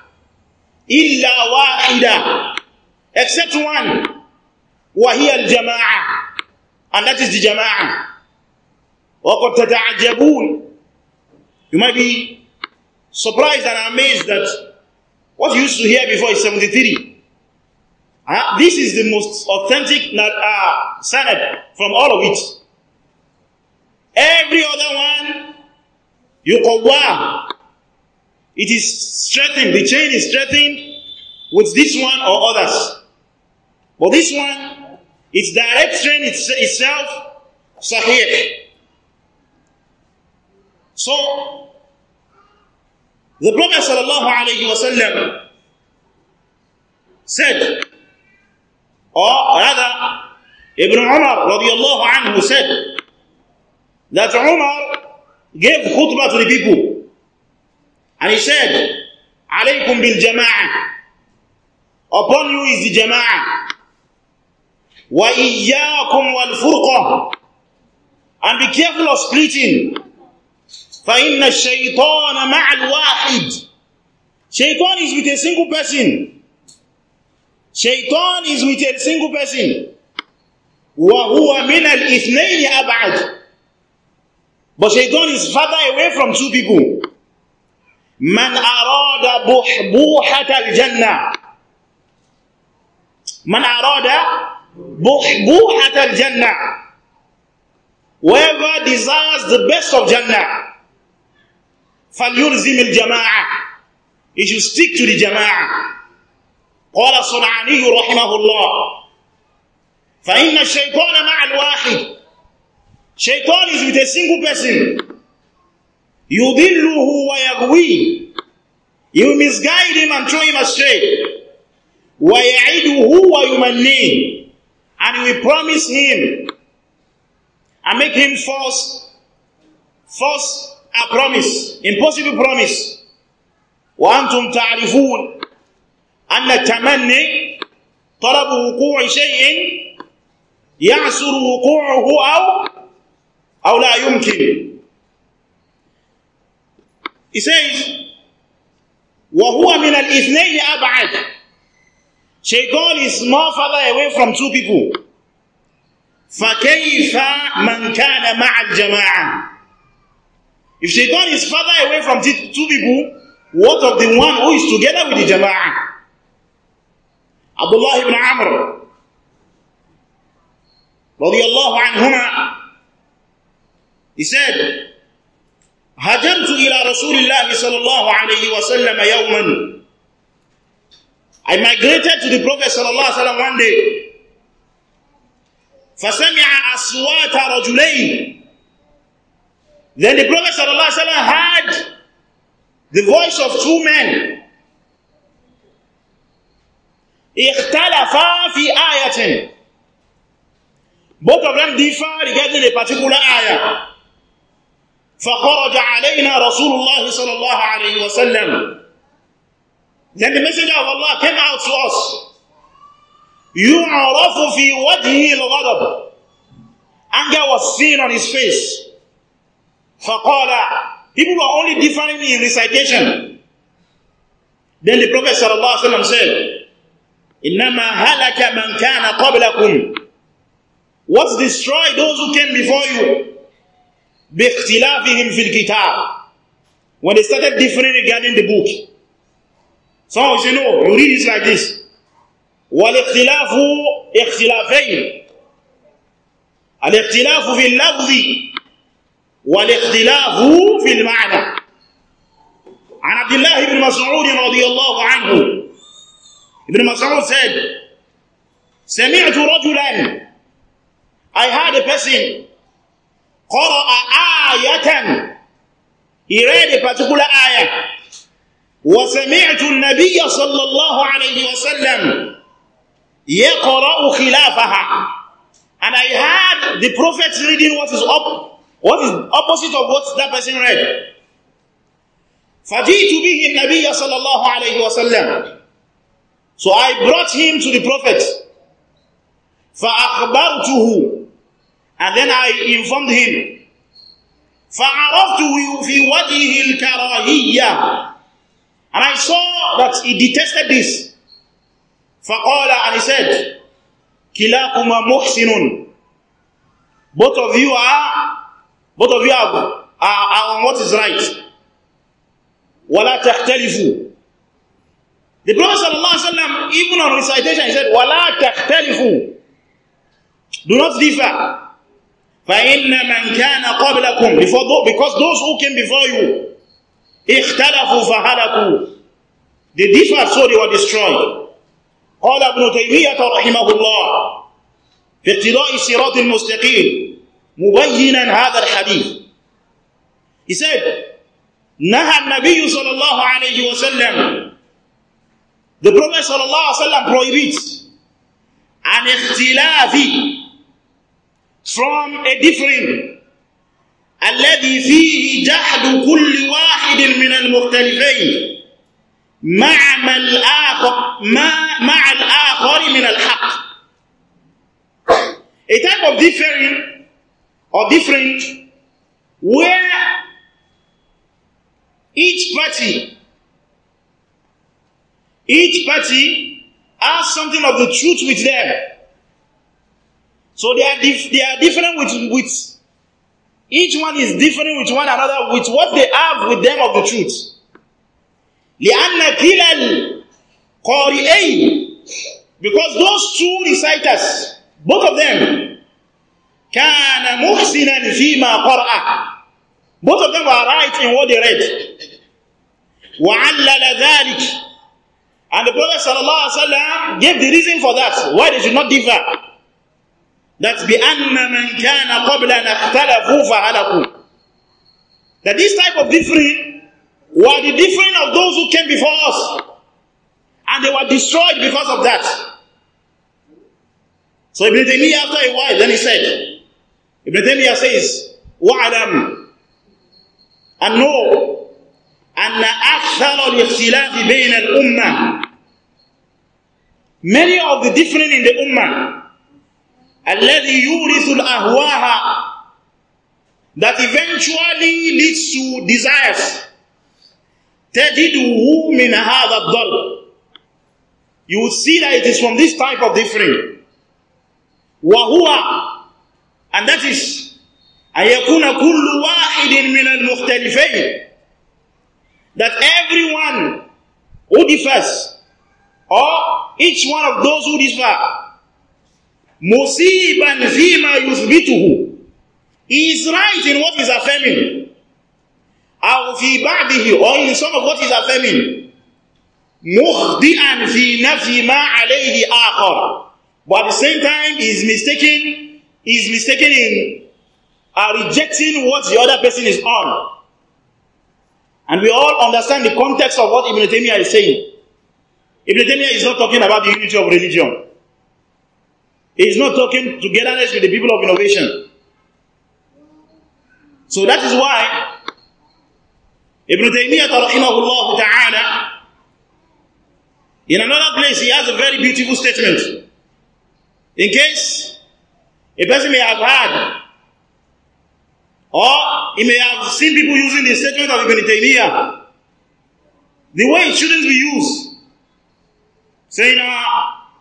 إلا واحدة except one وهي الجماعة and that is the جماعة وقد تتعجبون you might be surprised and amazed that What you used to hear before is 73. Uh, this is the most authentic uh, sanad from all of it. Every other one, you yuqawwam. It is strengthened, the chain is strengthened with this one or others. But this one, its direct strain it's, itself, sahih. So, The Prophet sallallahu alayhi wa sallam said, or rather, Ibn Umar radiallahu anhu said that Umar gave khutbah to the people, and he said, "Alaykum bil jama'ah." Upon you is the jama'ah. Wa iyyakum wal furqah. And be careful of splitting. فإن الشيطان مع الواحد شيطان is with a single person. شيطان is with a single person. وَهُوَ مِنَ الْإِثْنَيْنِ أَبْعَدُ But شيطان is further away from two people. مَنْ أَرَادَ بُحْبُوحَةَ الْجَنَّةِ مَنْ أَرَادَ بُحْبُوحَةَ الْجَنَّةِ Whoever desires the best of Jannah فليلزم الجماعة He should stick to the جماعة قال صنعاني رحمه الله فإن الشيطان مع الواحد Shaitan is with a single person يضله ويغوي you misguide him and throw him astray ويعده ويمنيه and we promise him and make him false false a promise, impossible promise. وأنتم تعرفون أن التمني طلب وقوع شيء يعسر وقوعه أو أو لا يمكن. He says, وهو من الاثنين أبعد. Shaitan is more further away from two people. فكيف من كان مع الجماعة If shaitan is further away from two people, what of the one who is together with the jama'ah? Abdullah ibn Amr, radiyallahu anhuma, he said, هجرت إلى رسول الله صلى الله عليه وسلم يوما I migrated to the Prophet صلى الله عليه وسلم one day فسمع أصوات رجلين then the Prophet ﷺ the voice of two men. Both of them differ regarding a particular ayah. فخرج علينا رسول الله صلى الله عليه وسلم Then the messenger of Allah came out to us. يعرف في وجهه الغضب Anger was seen on his face. فَقَالَ People were only differing in recitation. Then the Prophet ﷺ said, إِنَّمَا هَلَكَ مَنْ كَانَ قَبْلَكُمْ What's destroyed those who came before you? بِاخْتِلَافِهِمْ فِي الْكِتَابِ When they started differing regarding the book. so of you know, you read it like this. وَالْاِخْتِلَافُ اِخْتِلَافَيْنِ الْاِخْتِلَافُ فِي اللَّفْظِ والاختلاف في المعنى عن عبد الله بن مسعود رضي الله عنه ابن مسعود said سمعت رجلا I had a person قرأ آية he read a particular آية وسمعت النبي صلى الله عليه وسلم يقرأ خلافها and I heard the prophet reading what is up What is opposite of what that person read? فَجِئْتُ بِهِ النَّبِيَّ صَلَى اللَّهُ عَلَيْهِ وَسَلَّمَ So I brought him to the Prophet. فَأَخْبَرْتُهُ And then I informed him. فَعَرَفْتُهُ فِي وَجِهِ الْكَرَاهِيَّةِ And I saw that he detested this. فَقَالَ And he said, كِلَاكُمَا مُحْسِنٌ Both of you are both of you are, are on what is right. وَلَا تَخْتَلِفُوا The Prophet ﷺ, even on recitation, he said, وَلَا تَخْتَلِفُوا Do not differ. فَإِنَّ مَنْ كَانَ قَبْلَكُمْ before those, Because those who came before you, اِخْتَلَفُوا فَهَلَكُوا They differed, so they were destroyed. قال ابن تيمية رحمه الله في اقتداء الصراط المستقيم مبينا هذا الحديث He said, Naha Nabi sallallahu alayhi wa sallam. The Prophet صلى الله عليه وسلم prohibits an اختلاف from a different الذي فيه جحد كل واحد من المختلفين مع ما الآخر ما مع الآخر من الحق. A type of difference or different, where each party, each party has something of the truth with them. So they are, dif- they are different with, with, each one is different with one another with what they have with them of the truth. لأن كلا a because those two reciters, both of them, كان محسنا فيما قرأ both of them were right in what they read وعلل ذلك and the prophet sallallahu alaihi wasallam gave the reason for that why they should not differ that kana qabla an ikhtalafu fa halaku that this type of differing were the differing of those who came before us and they were destroyed because of that so Ibn Taymiyyah after a while then he said Ibn Taymiyyah says, وَعَلَمْ And know أَنَّ أَكْثَرَ الْإِخْتِلَافِ بَيْنَ الْأُمَّةِ Many of the different in the ummah, الَّذِي يُورِثُ الْأَهْوَاهَ That eventually leads to desires. تَجِدُهُ مِنْ هَذَا الضَّرْبِ You will see that it is from this type of differing. وَهُوَ and that is أن يكون كل واحد من المختلفين that everyone who differs or each one of those who differ مصيبا فيما يثبته he is right in what is affirming أو في بعضه or in some of what is affirming مخطئا في نفي ما عليه آخر but at the same time he is mistaken is mistaken in uh, rejecting what the other person is on. And we all understand the context of what Ibn Taymiyyah is saying. Ibn Taymiyyah is not talking about the unity of religion. He is not talking togetherness with the people of innovation. So that is why Ibn Taymiyyah ta'ala in another place he has a very beautiful statement. In case a person may have had, or he may have seen people using the statement of Ibn the way it shouldn't be used. Saying, now, ah,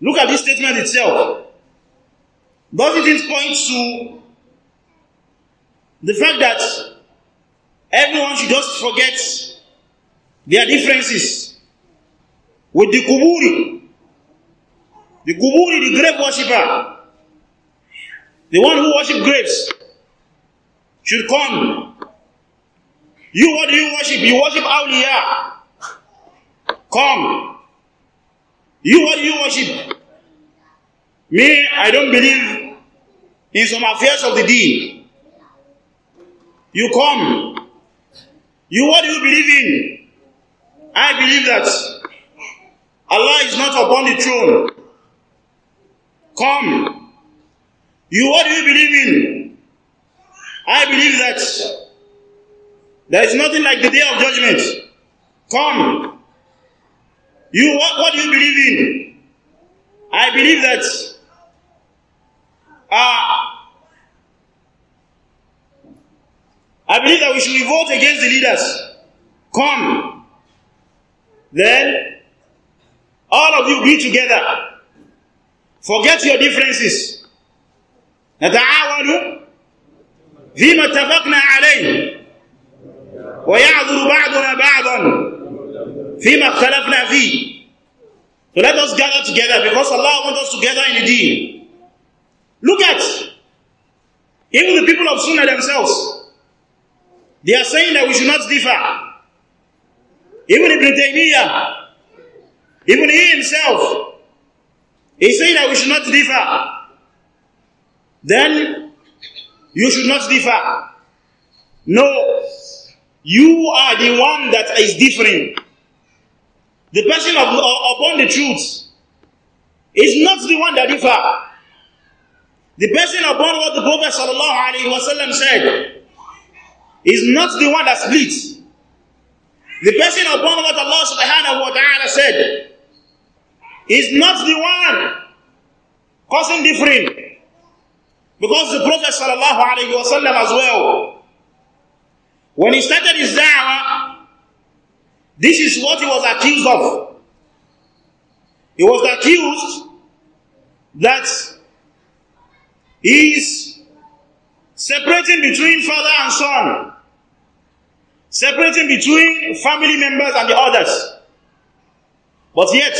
look at this statement itself. Doesn't it point to the fact that everyone should just forget their differences with the kuburi? The kuburi, the grave worshipper, the one who worship graves should come. You, what do you worship? You worship Awliya. Come. You, what do you worship? Me, I don't believe in some affairs of the deen. You come. You, what do you believe in? I believe that Allah is not upon the throne. Come. You, what do you believe in? I believe that there is nothing like the day of judgment. Come. You, what, what do you believe in? I believe that uh, I believe that we should revolt against the leaders. Come. Then all of you be together. Forget your differences. نتعاون فيما اتفقنا عليه ويعذر بعضنا بعضا فيما اختلفنا فيه So let us gather together because Allah wants us to gather in the deen. Look at even the people of Sunnah themselves. They are saying that we should not differ. Even Ibn Taymiyyah, even he himself, he's saying that we should not differ. then you should not differ. No, you are the one that is differing. The person of, upon the truth is not the one that differ. The person upon what the Prophet sallallahu alaihi wasallam said is not the one that splits. The person upon what Allah subhanahu wa ta'ala said is not the one causing differing. Because the Prophet sallallahu alayhi wa sallam as well, when he started his da'wah, this is what he was accused of. He was accused that he is separating between father and son, separating between family members and the others. But yet,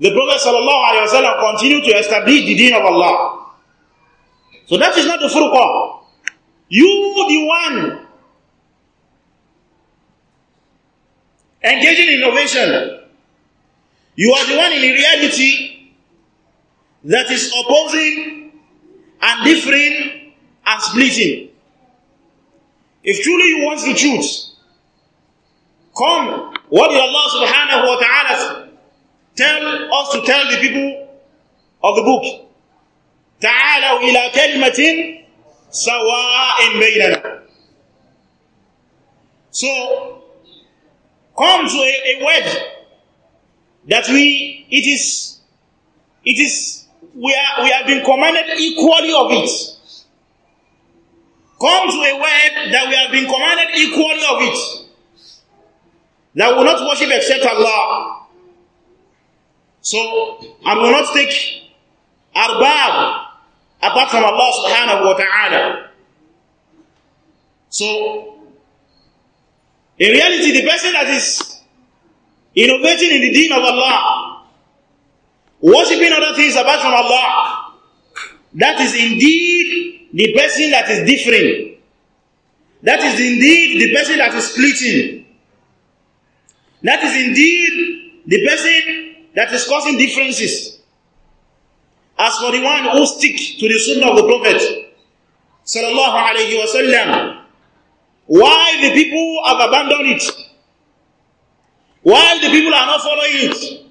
the Prophet ﷺ continued to establish the deen of Allah. So that is not the call. You, the one engaging innovation, you are the one in reality that is opposing and differing and splitting. If truly you want the truth, come. What did Allah subhanahu wa ta'ala tell us to tell the people of the book? تعالوا إلى كلمة سواء بيننا So, come to a, a word that we, it is, it is, we, are, we have been commanded equally of it. Come to a word that we have been commanded equally of it. That will not worship except Allah. So, I will not take arbab apart from Allah subhanahu wa ta'ala. So, in reality, the person that is innovating in the deen of Allah, worshipping other things apart from Allah, that is indeed the person that is differing. That is indeed the person that is splitting. That is indeed the person that is causing differences. As for the one who stick to the sunnah of the Prophet, sallallahu alayhi wasallam, why the people have abandoned it, Why the people are not following it,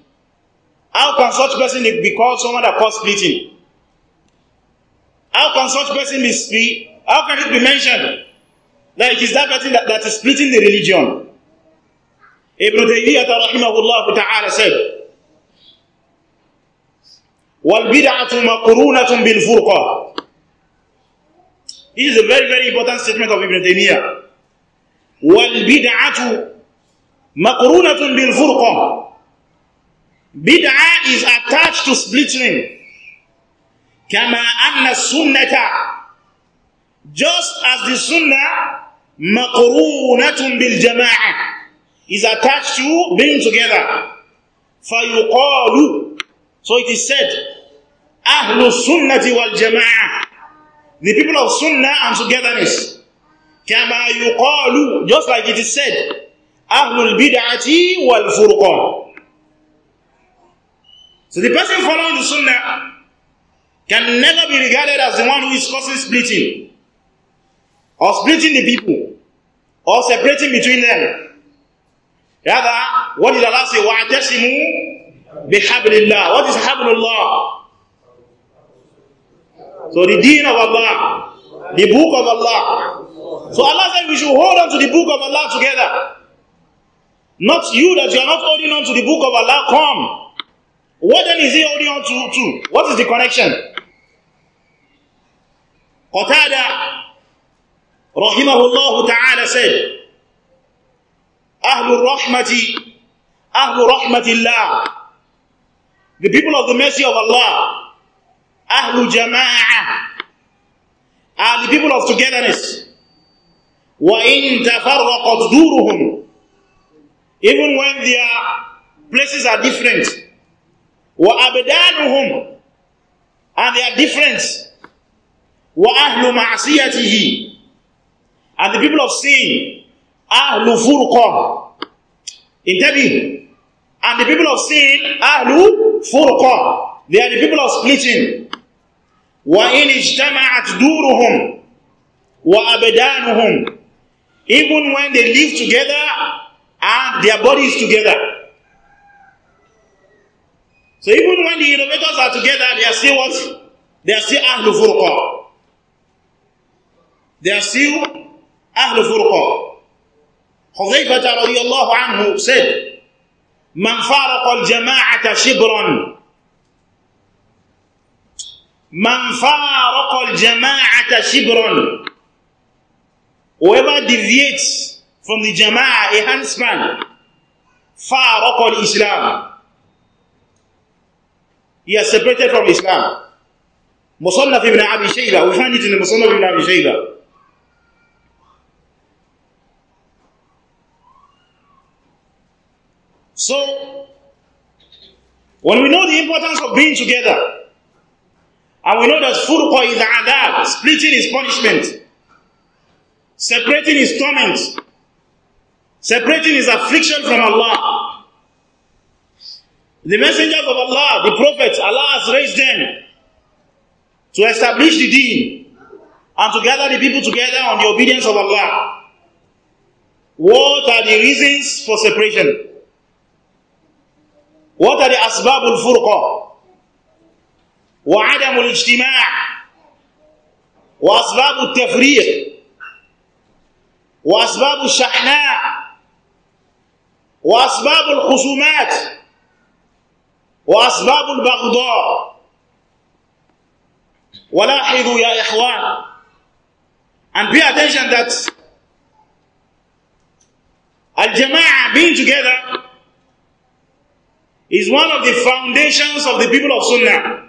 how can such person be called someone that caused splitting? How can such person be, be how can it be mentioned that it is that person that, that is splitting the religion? Ibn Taymiyyah rahimahullah ta'ala said, والبدعة مقرونة بالفرقة This is a very very important statement of Ibn Taymiyyah والبدعة مقرونة بالفرقة Bid'ah is attached to splitting كما أن السنة just as the sunnah مقرونة بالجماعة is attached to being together فيقال so it is said Ahlu Sunnati wal Jama'ah, the people of Sunnah and togetherness. Kama yuqalu, just like it is said, Ahlu Bid'ati wal Furqan. So the person following the Sunnah can never be regarded as the one who is causing splitting, or splitting the people, or separating between them. Rather, what did Allah say? وَعْتَسِمُوا بِحَبْلِ اللَّهِ What is حَبْلُ اللَّهِ So the deen of Allah, the book of Allah. So Allah said we should hold on to the book of Allah together. Not you that you are not holding on to the book of Allah, come. What then is he holding on to? to? What is the connection? Qatada, الله تعالى said, Ahlul أهل Ahlul Rahmatillah, the people of the mercy of Allah, Ahlu Jama'ah are the people of togetherness. وَإِن تَفَرَّقَتْ دُورُهُمْ Even when their places are different. وَأَبْدَانُهُمْ And they are different. وَأَهْلُ مَعْصِيَتِهِ And the people of sin. أَهْلُ فُرْقَةٍ Intabi. And the people of sin. أَهْلُ فُرْقَةٍ they are the people of splitting. وَإِنْ اجْتَمَعَتْ دُورُهُمْ وَأَبْدَانُهُمْ Even when they live together and their bodies together. So even when the innovators are together, they are still what? They are still Ahlul Furqa. They are still Ahlul Furqa. Hudhayfata radiallahu anhu said, مَنْ فَارَقَ الْجَمَاعَةَ شِبْرًا من فارق الجماعة jamaata whoever deviates from the جماعة a handspan فارق الإسلام islam he has separated from islam مصنف ibn عبي شيبة we find it in the مصنف ibn عبي شيبة so when we know the importance of being together And we know that furqa is adab, splitting is punishment, separating is torment, separating is affliction from Allah. The messengers of Allah, the prophets, Allah has raised them to establish the deen and to gather the people together on the obedience of Allah. What are the reasons for separation? What are the al furqa? وعدم الاجتماع وأسباب التفريق وأسباب الشحناء وأسباب الخصومات وأسباب البغضاء ولاحظوا يا إخوان and pay attention that Al-Jama'ah being together is one of the foundations of the people of Sunnah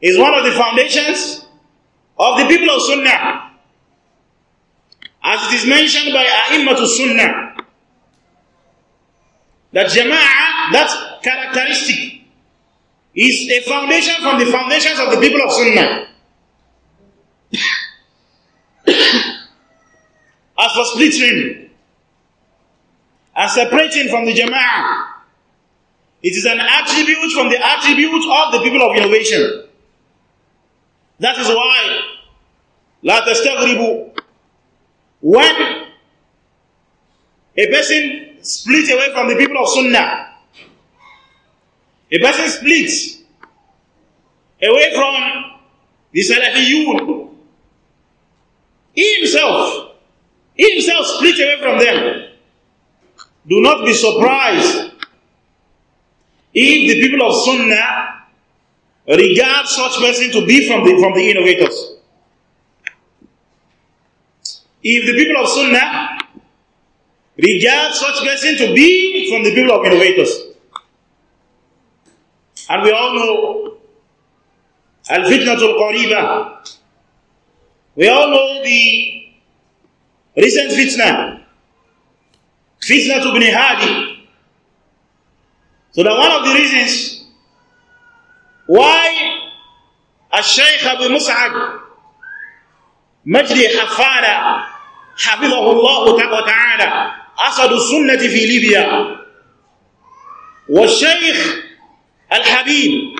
is one of the foundations of the people of Sunnah. As it is mentioned by A'immatu Sunnah, that Jama'ah, that characteristic, is a foundation from the foundations of the people of Sunnah. as for splitting and separating from the Jama'ah, it is an attribute from the attribute of the people of innovation. That is why, لا تستغربوا When a person splits away from the people of Sunnah, a person splits away from the Salafiyun, he himself, he himself splits away from them. Do not be surprised if the people of Sunnah regard such person to be from the, from the innovators. If the people of Sunnah regard such person to be from the people of innovators, and we all know Al-Fitnatul Qariba, we all know the recent fitna, fitna to Ibn Hadi. So that one of the reasons why الشيخ أبو مسعد مجدي حفارة حفظه الله تعالى أسد السنة في ليبيا والشيخ الحبيب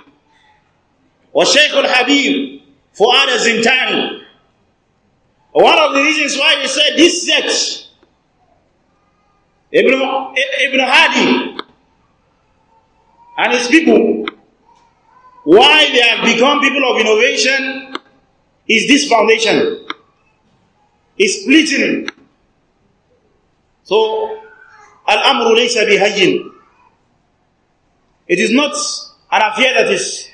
والشيخ الحبيب فؤاد الزنتاني one of the reasons why he said this sect Ibn, Ibn Hadi and his people why they have become people of innovation is this foundation. It's splitting. So, Al-Amru laysa bihayyin. It is not an affair that is,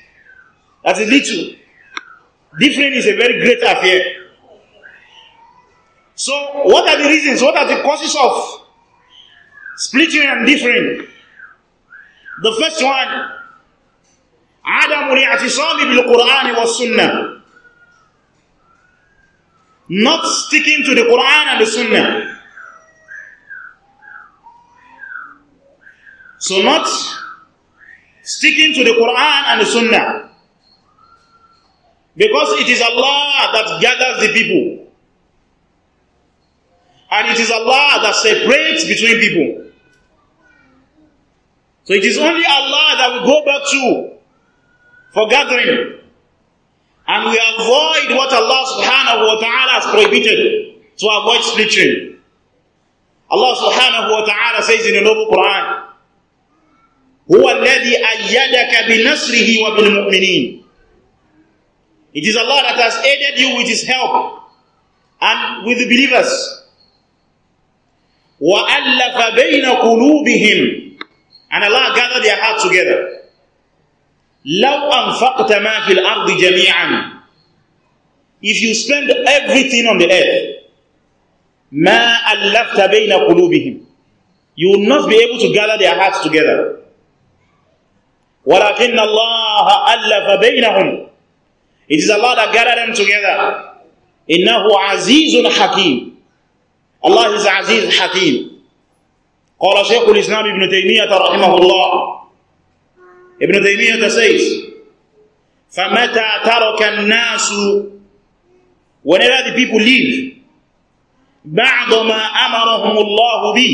that is little. Different is a very great affair. So, what are the reasons? What are the causes of splitting and different? The first one عدم الاعتصام بالقرآن والسنة not sticking to the Quran and the Sunnah so not sticking to the Quran and the Sunnah because it is Allah that gathers the people and it is Allah that separates between people so it is only Allah that we go back to for gathering. And we avoid what Allah subhanahu wa ta'ala has prohibited to avoid splitting. Allah subhanahu wa ta'ala says in the noble Quran, هو الذي أيدك بنصره وبالمؤمنين It is Allah that has aided you with His help and with the believers. وألف بين قلوبهم And Allah gathered their hearts together. لو أنفقت ما في الأرض جميعا if you spend everything on the earth ما ألفت بين قلوبهم you will not be able to gather their hearts together ولكن الله ألف بينهم it is Allah that gathered them together إنه عزيز حكيم الله is عزيز حكيم قال شيخ الإسلام ابن تيمية رحمه الله ibn taymiyyah says فمتى ترك الناس nasu whenever the people leave بعض ما أمرهم الله به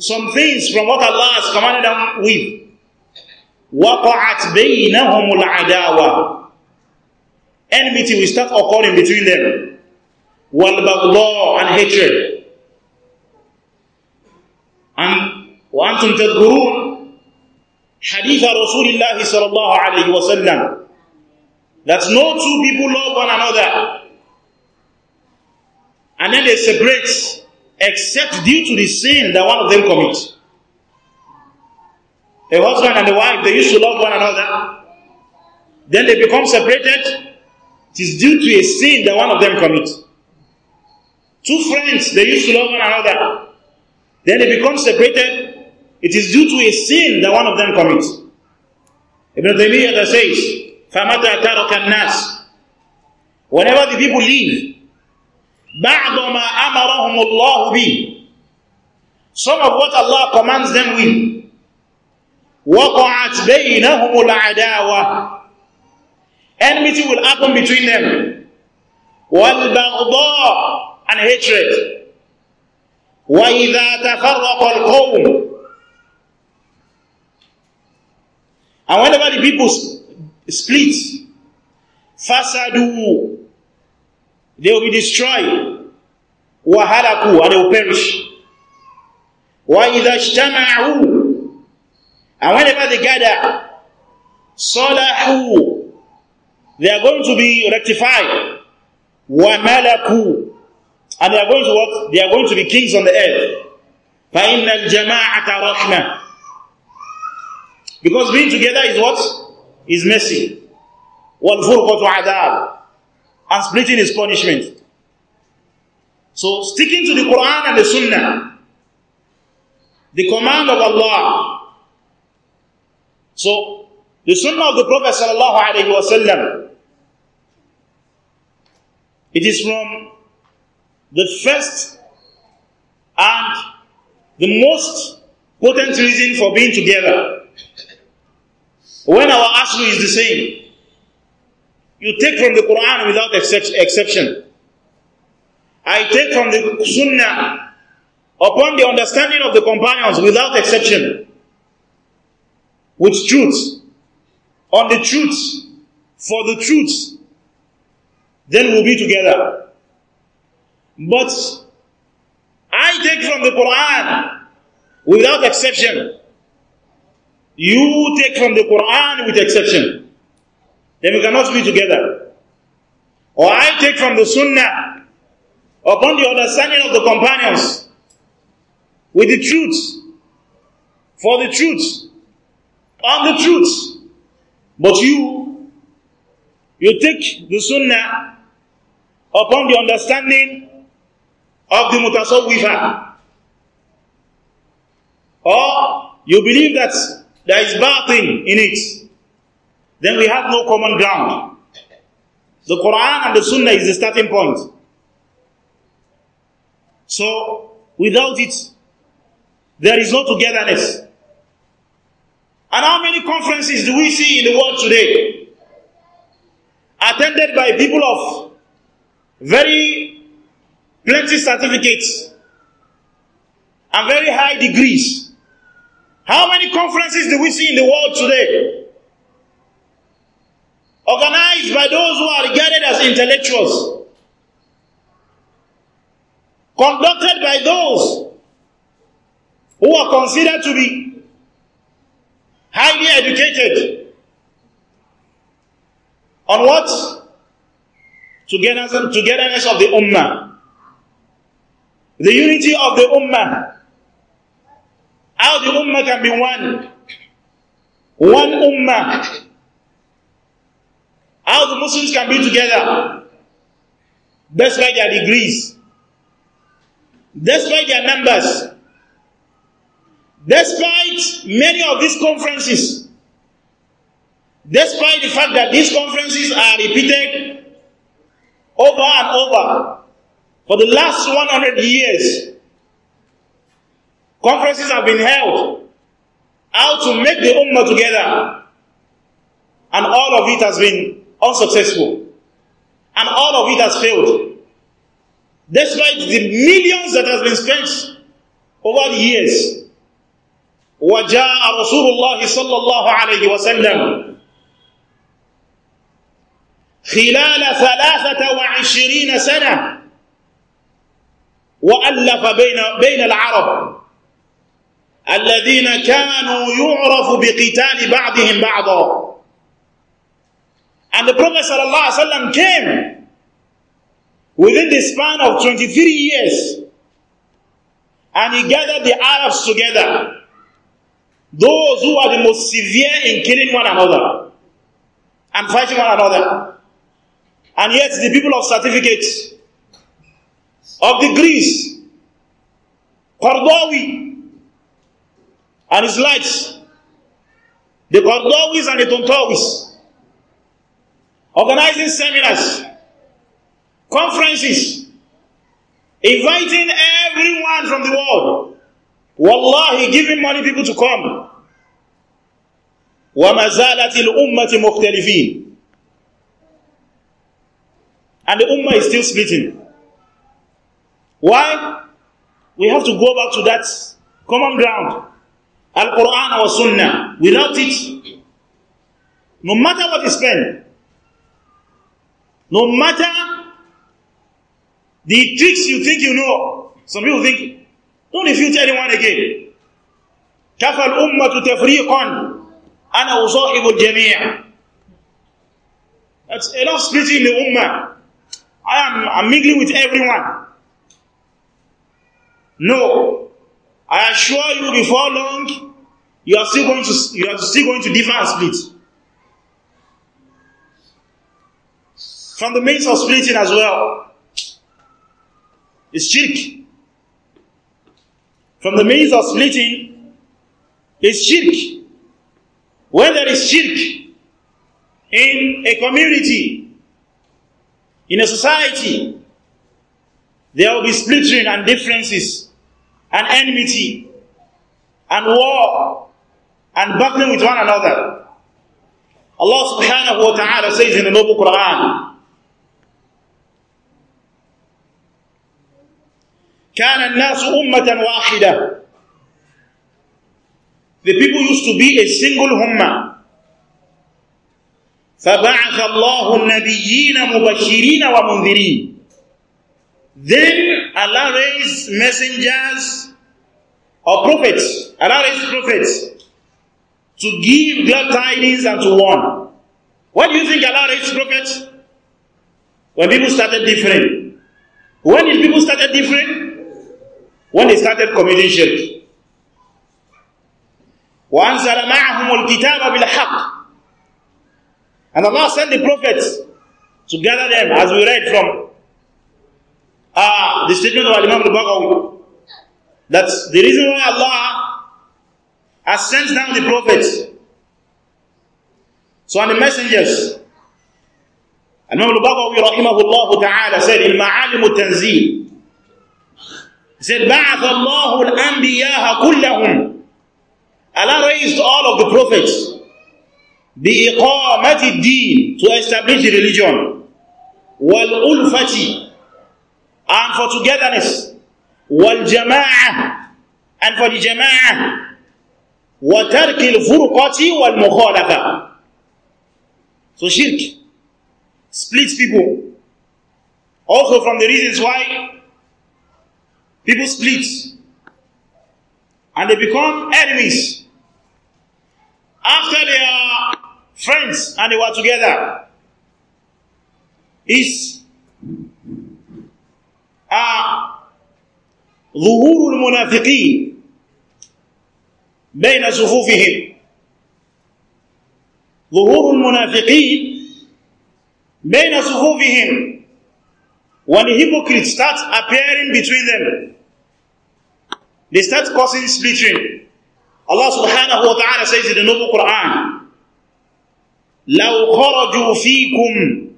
some things from what Allah has commanded them with وقعت بينهم العداوة enmity will start occurring between them والبغضاء and hatred and وأنتم تذكرون hadith of Rasulullah sallallahu alayhi wa sallam that no two people love one another and then they separate except due to the sin that one of them commits. A husband and a wife, they used to love one another. Then they become separated. It is due to a sin that one of them commits. Two friends, they used to love one another. Then they become separated. It is due to a sin that one of them commits. Ibn Taymiyyah says, فَمَتَى تَرَكَ النَّاسِ Whenever the people leave, بَعْضَ مَا أَمَرَهُمُ اللَّهُ بِهِ Some of what Allah commands them with, وَقَعَتْ بَيْنَهُمُ الْعَدَاوَةِ Enmity will happen between them. وَالْبَغْضَاءُ And hatred. وَإِذَا تَفَرَّقَ الْقَوْمُ And whenever the people split, fasadu, they will be destroyed. Wahalaku, and they will perish. وَإِذَا And whenever they gather, صَلَحُوا They are going to be rectified. وَمَلَكُوا And they are going to what? They are going to be kings on the earth. فَإِنَّ الْجَمَاعَةَ رَحْمَةً because being together is what? Is mercy. وَالْفُرْقَةُ عَذَابٌ And splitting is punishment. So sticking to the Quran and the Sunnah, the command of Allah. So the Sunnah of the Prophet sallallahu alaihi wasallam. It is from the first and the most potent reason for being together when our aslu is the same, you take from the Quran without exception. I take from the Sunnah upon the understanding of the companions without exception. With truth. On the truth. For the truth. Then we'll be together. But I take from the Quran without exception you take from the Quran with exception. Then we cannot be together. Or I take from the Sunnah upon the understanding of the companions with the truth, for the truth, on the truth. But you, you take the Sunnah upon the understanding of the Mutasawwifah. Or you believe that there is batin in it. Then we have no common ground. The Quran and the Sunnah is the starting point. So, without it, there is no togetherness. And how many conferences do we see in the world today? Attended by people of very plenty certificates and very high degrees. How many conferences do we see in the world today? Organized by those who are regarded as intellectuals, conducted by those who are considered to be highly educated. On what? Togetherness, togetherness of the Ummah. The unity of the Ummah. How the ummah can be one? One ummah. How the Muslims can be together? Despite their degrees, despite their numbers, despite many of these conferences, despite the fact that these conferences are repeated over and over for the last 100 years, Conferences have been held. How to make the ummah together. And all of it has been unsuccessful. And all of it has failed. Despite the millions that has been spent over the years. وجاء رسول الله صلى الله عليه وسلم خلال ثلاثة وعشرين سنة وألف بين بين العرب الذين كانوا يعرف بقتال بعضهم بعضا and the prophet صلى الله عليه وسلم came within the span of 23 years and he gathered the arabs together those who are the most severe in killing one another and fighting one another and yet the people of certificates of degrees Cordowi and his they The Kordowis and the Tontowis. Organizing seminars, conferences, inviting everyone from the world. Wallahi, giving money people to come. وَمَا الْأُمَّةِ مُخْتَلِفِينَ And the ummah is still splitting. Why? We have to go back to that common ground. Al-Quran or Sunnah. Without it, no matter what you spend, no matter the tricks you think you know, some people think, don't refute anyone again. كفى الأمة تفريقا أنا أصاحب الجميع That's enough splitting the ummah. I am I'm mingling with everyone. No. I assure you, before long, you are still going to, you are still going to differ and split. From the means of splitting as well is shirk. From the means of splitting is shirk. When there is shirk in a community, in a society, there will be splitting and differences. and enmity and war and battling with one another. Allah subhanahu wa ta'ala says in the noble Quran, كان الناس أمة واحدة The people used to be a single humma. فبعث الله النبيين مبشرين ومنذرين Then Allah raised messengers or prophets. Allah raised prophets to give glad tidings and to warn. What do you think Allah raised prophets? When people started different? When did people started different? When they started committing shirk. وأنزل معهم الكتاب بالحق and Allah sent the prophets to gather them as we read from Ah, the statement of Imam al-Baghawi that the reason why Allah has sent down the prophets so and the messengers Imam al-Baghawi rahimahullah ta'ala said in Ma'alim al-Tanzil he said ba'ath Allah al-anbiya kullahum Allah raised all of the prophets bi iqamati din to establish the religion wal ulfati and for togetherness. Wal jama'ah and for the jama'ah. وَتَرْكِ الْفُرْقَةِ وَالْمُخَالَفَةِ So shirk splits people. Also from the reasons why people split and they become enemies. After they are friends and they were together, is ظهور المنافقين بين صفوفهم ظهور المنافقين بين صفوفهم when the hypocrites start appearing between them they start causing splitting Allah subhanahu wa ta'ala says in the noble Quran لو خرجوا فيكم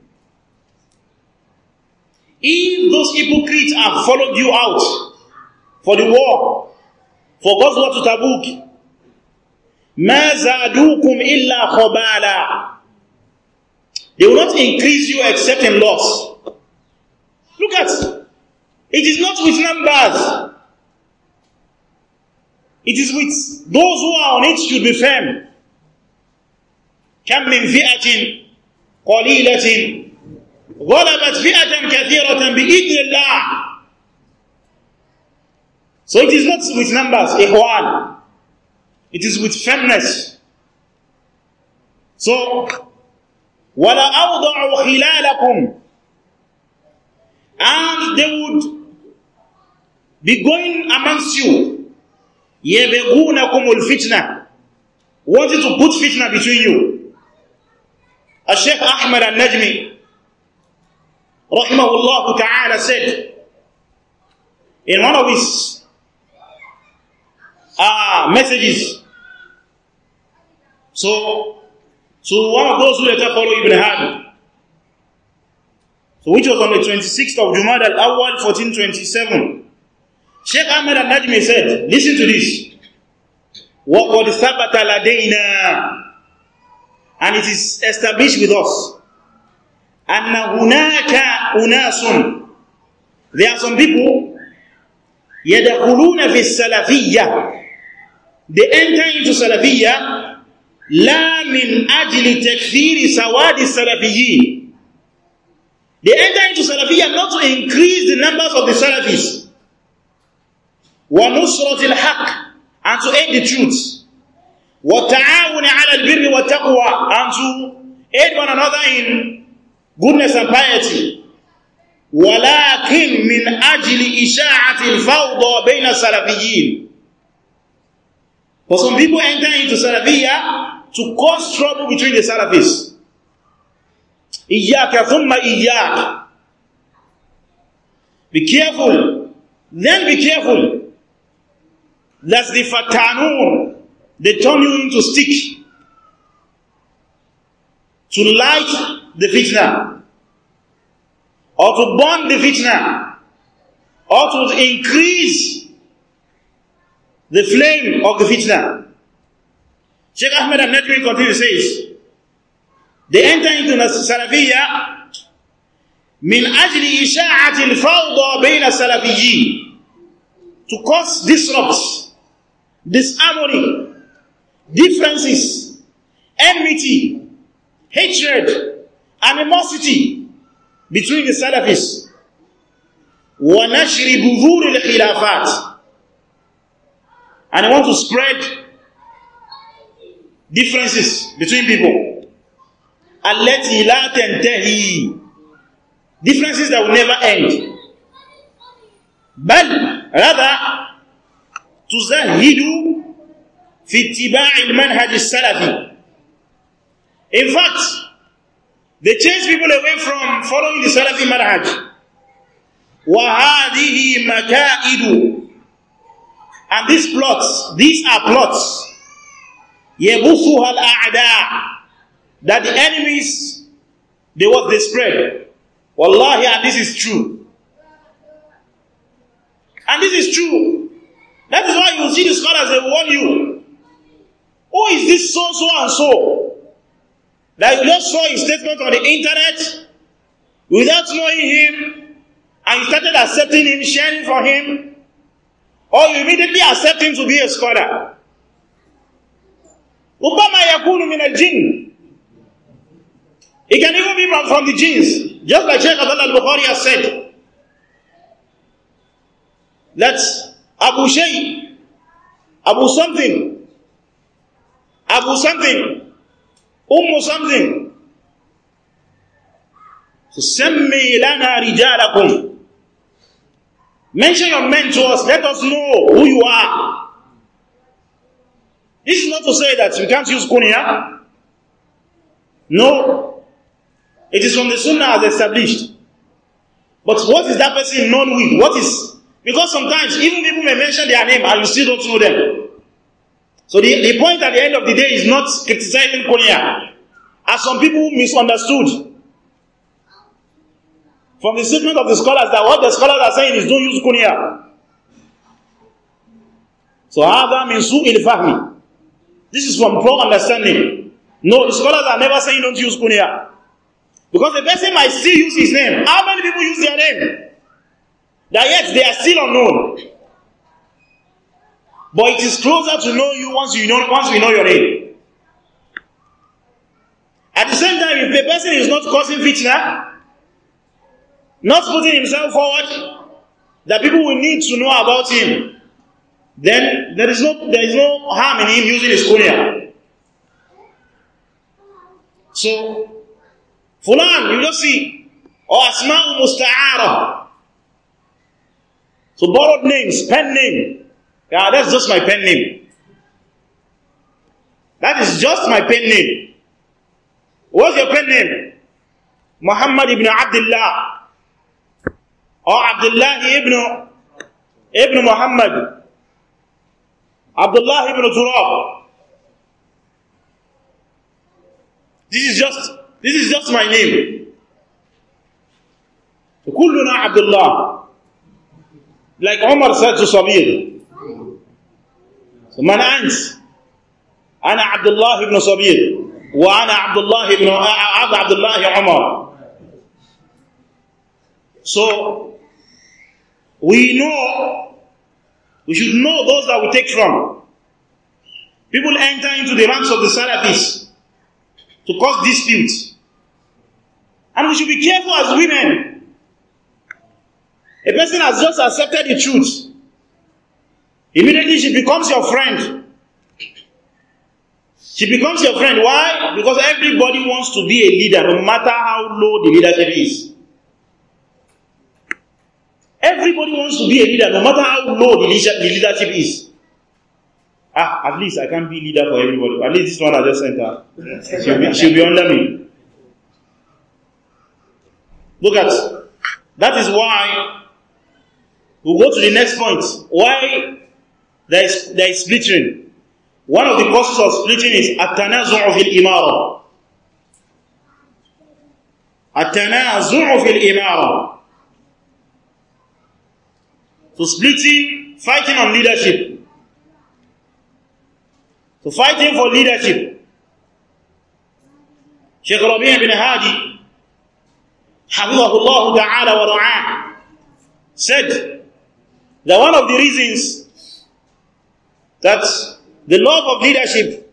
If those hypocrites have followed you out for the war, for God's Ghazwa to Tabuk, إلا خبالا They will not increase you except in loss. Look at it. It is not with numbers. It is with those who are on it should be firm. كم من فئة قليلة غلبت فئة كثيرة بإذن الله So it is not with numbers, إخوان It is with firmness So ولا أوضع خلالكم And they would be going amongst you يبغونكم الفتنة Wanting to put fitna between you الشيخ أحمد النجمي rahimahullah ta'ala said in one of his uh, messages so so one of those who later follow Ibn Hadi so which was on the 26th of Jumad al-Awwal 1427 Sheikh Ahmed al-Najmi said listen to this وَقَدْ ثَبَتَ لَدَيْنَا and it is established with us أن هناك أناس there are some people يدخلون في السلفية they enter into السلفية لا من أجل تكثير سواد السلفيين they enter into السلفية not to increase the numbers of the salafis ونصرة الحق and to aid the truth wa على البر والتقوى and to aid one another in goodness and piety ولكن من أجل إشاعة الفوضى بين السلفيين For some people enter into salafia to cause trouble between the Salafis. iyyaka thumma إياك Be careful. Then be careful. lest the fatanun. They turn you into stick. To light the fitna, or to burn the fitna, or to increase the flame of the fitna. Sheikh Ahmed al Nadwi continues says, they enter into Salafiyya min ajli isha'atil fawda bayna salafiyyi, to cause disrupts, disarmory, differences, enmity, hatred, animosity between the Salafis wa nashri budhur and I want to spread differences between people allati لا تنتهي differences that will never end But rather tuzahidu fi ittiba' al-manhaj as-salafi in fact they chase people away from following the Salafi manhaj. وَهَذِهِ مَكَائِدُ And these plots, these are plots. يَبُثُهَا الْأَعْدَاءُ That the enemies, they what they spread. Wallahi, and this is true. And this is true. That is why you see the scholars, they warn you. Who is this so, so, and so? That you just saw his statement on the internet without knowing him and you started accepting him, sharing for him, or you immediately accept him to be a scholar. Obama yakunu min al-jinn. It can even be from, from the jinns. Just like Sheikh Abdullah al-Bukhari has said. That Abu Shay, Abu something, Abu something, ummu something sammi lana rijalakum mention your men to us let us know who you are this is not to say that you can't use kunya no it is from the sunnah as established but what is that person known with what is because sometimes even people may mention their name and you still don't know them So the, the point at the end of the day is not criticizing Konya, as some people misunderstood from the statement of the scholars that what the scholars are saying is don't use Konya. So هذا من سوء الفهم. This is from poor understanding. No, the scholars are never saying don't use Kunya. Because the person might still use his name. How many people use their name? That yet they are still unknown. But it is closer to know you once you know once we know your name. At the same time, if the person is not causing fitna, not putting himself forward, that people will need to know about him, then there is no there is no harm in him using his kunya. So, Fulan, you just see, or Asma'u Musta'ara. So borrowed names, pen name. Yeah, that's just my pen name. That is just my pen name. What's your pen name? Muhammad ibn Abdullah. Or Abdullah ibn, ibn Muhammad. Abdullah ibn Turab. This is just, this is just my name. كلنا عبد الله. Like Omar said to Samir, من أنت أنا عبد الله بن صبير وأنا عبد الله بن عبد الله عمر So we know we should know those that we take from. People enter into the ranks of the Salafis to cause disputes. And we should be careful as women. A person has just accepted the truth. Immediately she becomes your friend. She becomes your friend. Why? Because everybody wants to be a leader, no matter how low the leadership is. Everybody wants to be a leader, no matter how low the leadership is. Ah, at least I can be leader for everybody. At least this one I just sent her. She'll be, she'll be under me. Look at that is why we we'll go to the next point. Why there is, there is splitting. One of the causes of splitting is التنازع في الإمارة. التنازع في الإمارة. So splitting, fighting on leadership. So fighting for leadership. Sheikh Rabi' bin Hadi, Hafizahullah Ta'ala wa Ra'ah, said that one of the reasons that the love of leadership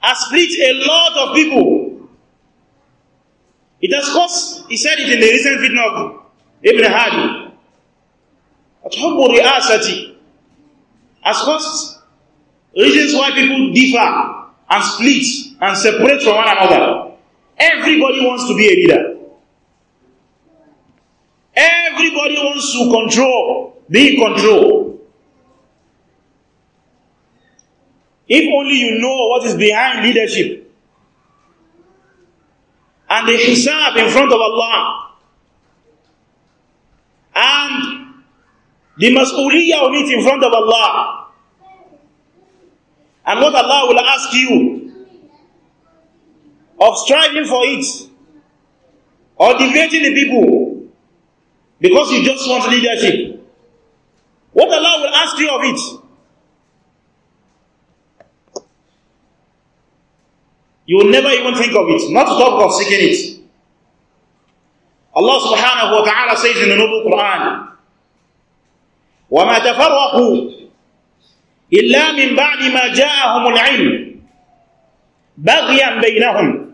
has split a lot of people. It has caused, he said it in the recent video of Ibn Hadi, has caused reasons why people differ and split and separate from one another. Everybody wants to be a leader. Everybody wants to control, be in control. If only you know what is behind leadership and the hisab in front of Allah and the mas'uliyah on it in front of Allah and what Allah will ask you of striving for it or deviating the people because you just want leadership. What Allah will ask you of it You will never even think of it, not to talk of seeking it. Allah subhanahu wa ta'ala says in the Noble Quran, وَمَا تَفَرَّقُوا إِلَّا مِنْ بَعْدِ مَا جَاءَهُمُ الْعِلْمِ بَغْيًا بَيْنَهُمْ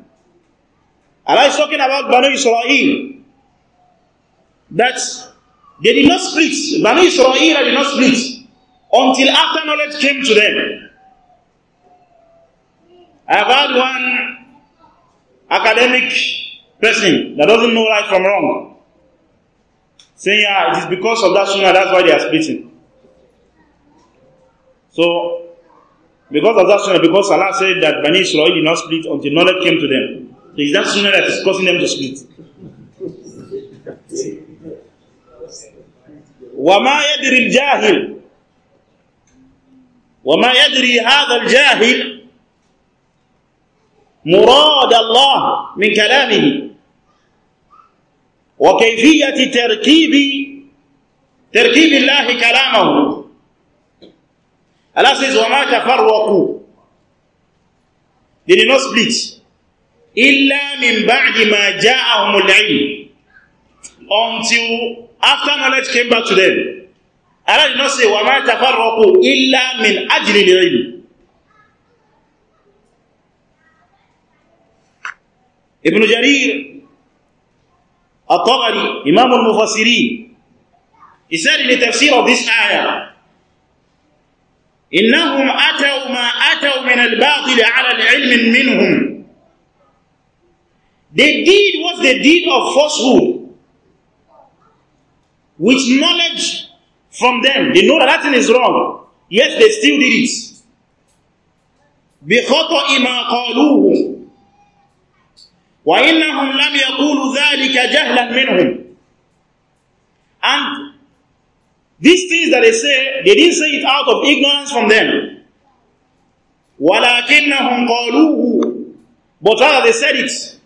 Allah is talking about Banu Israel, that they did not split, Banu Israel did not split, until after knowledge came to them. I have had one academic person that doesn't know right from wrong saying, yeah, it is because of that sunnah, that's why they are splitting. So, because of that sunnah, because Allah said that Bani Israel did not split until knowledge came to them. So is that sunnah that is causing them to split. وما يدري الجاهل وما يدري هذا الجاهل مراد الله من كلامه وكيفية تركيب تركيب الله كلامه الأسس وما تفرقوا They did not split إلا من بعد ما جاءهم العلم until after knowledge came back to them Allah did not say وما تفرقوا إلا من أجل العلم ابن جرير الطبري إمام المفسرين يسال said in the tafsir إنهم أتوا ما أتوا من الباطل على العلم منهم the deed was the deed of falsehood with knowledge from them. They know that nothing is wrong, yet they still did it. بخطأ ما قالوه وإنهم لم يقولوا ذلك جهلا منهم and these things that they say they didn't say it out of ignorance from them ولكنهم قالوه but rather they said it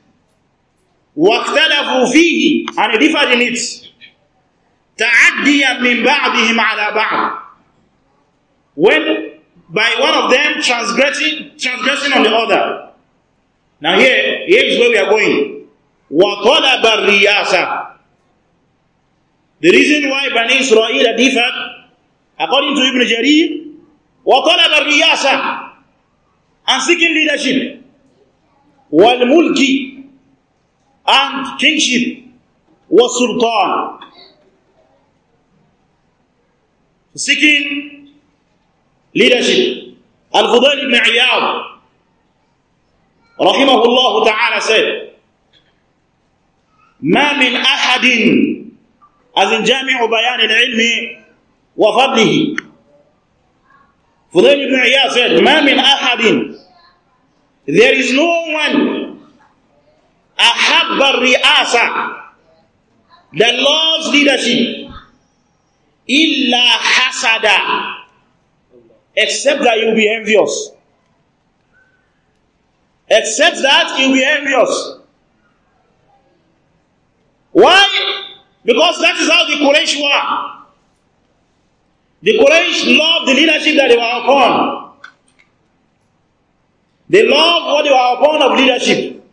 واختلفوا فيه and they differed in it تعديا من بعضهم على بعض when by one of them transgressing transgressing on the other Now here, here is where we are going. وَطَلَبَ barriyasa. The reason why Bani Israel different, according to Ibn Jarir, وَطَلَبَ barriyasa, And seeking leadership. mulki. And kingship. sultan, Seeking leadership. Al-Fudayl ibn Iyad رحمه الله تعالى said, ما من أحد as in جامع بيان العلم وفضله فضيل بن عياء said ما من أحد there is no one أحب الرئاسة that loves leadership إلا حسدا except that you be envious Except that he'll be envious. Why? Because that is how the Quraysh were. The Quraysh loved the leadership that they were upon. They loved what they were upon of leadership.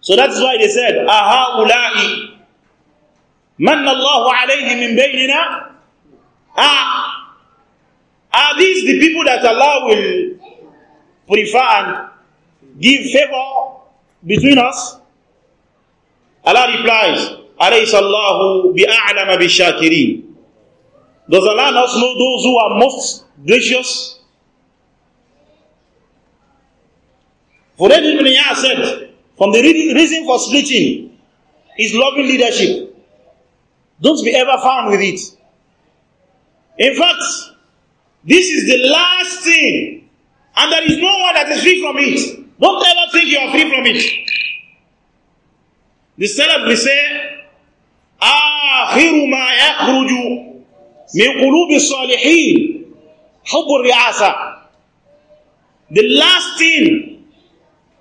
So that's why they said, "Aha أَهَؤُلَاءِ man Allahu عَلَيْهِمْ min بَيْنِنَا Ah, are these the people that Allah will prefer and give favor between us? Allah replies, أَلَيْسَ اللَّهُ بِأَعْلَمَ Does Allah not know those who are most gracious? Fudayd ibn Yah said, from the reason for splitting is loving leadership. Don't be ever found with it. In fact, this is the last thing and there is no one that is free from it. Don't ever think you are free from it. The Salaf will say, آخر ما يخرج من قلوب الصالحين حب الرئاسة. The last thing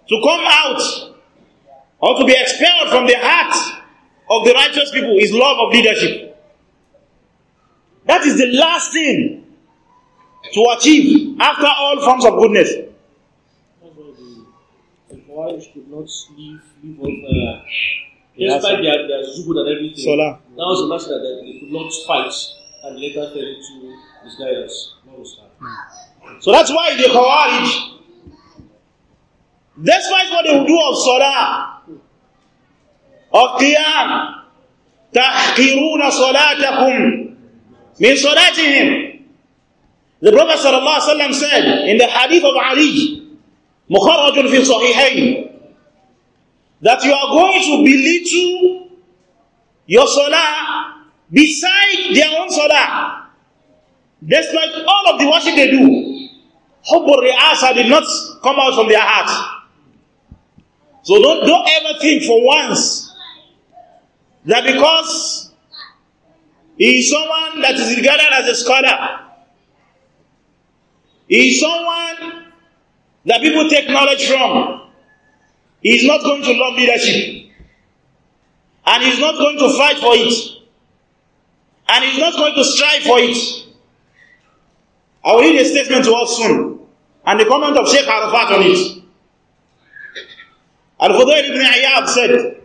to come out or to be expelled from the heart of the righteous people is love of leadership. That is the last thing to achieve after all forms of goodness. Uh, despite their, their zuhud and everything. Salah. That was a match that they could not fight and later fell into misguidance. So that's why the Khawarij, despite what they will do of Salah, of Qiyam, تحقرون صلاتكم من صلاتهم The Prophet said in the hadith of Ali, مخرج في صحيحين, that you are going to belittle your salah beside their own salah, despite all of the worship they do. Hubbul Ri'asa did not come out from their heart. So don't, don't ever think for once that because he is someone that is regarded as a scholar, is someone that people take knowledge from. He is not going to love leadership. And he's not going to fight for it. And he's not going to strive for it. I will read a statement to us soon. And the comment of Sheikh Arafat on it. Al-Fudayl ibn Ayyad said,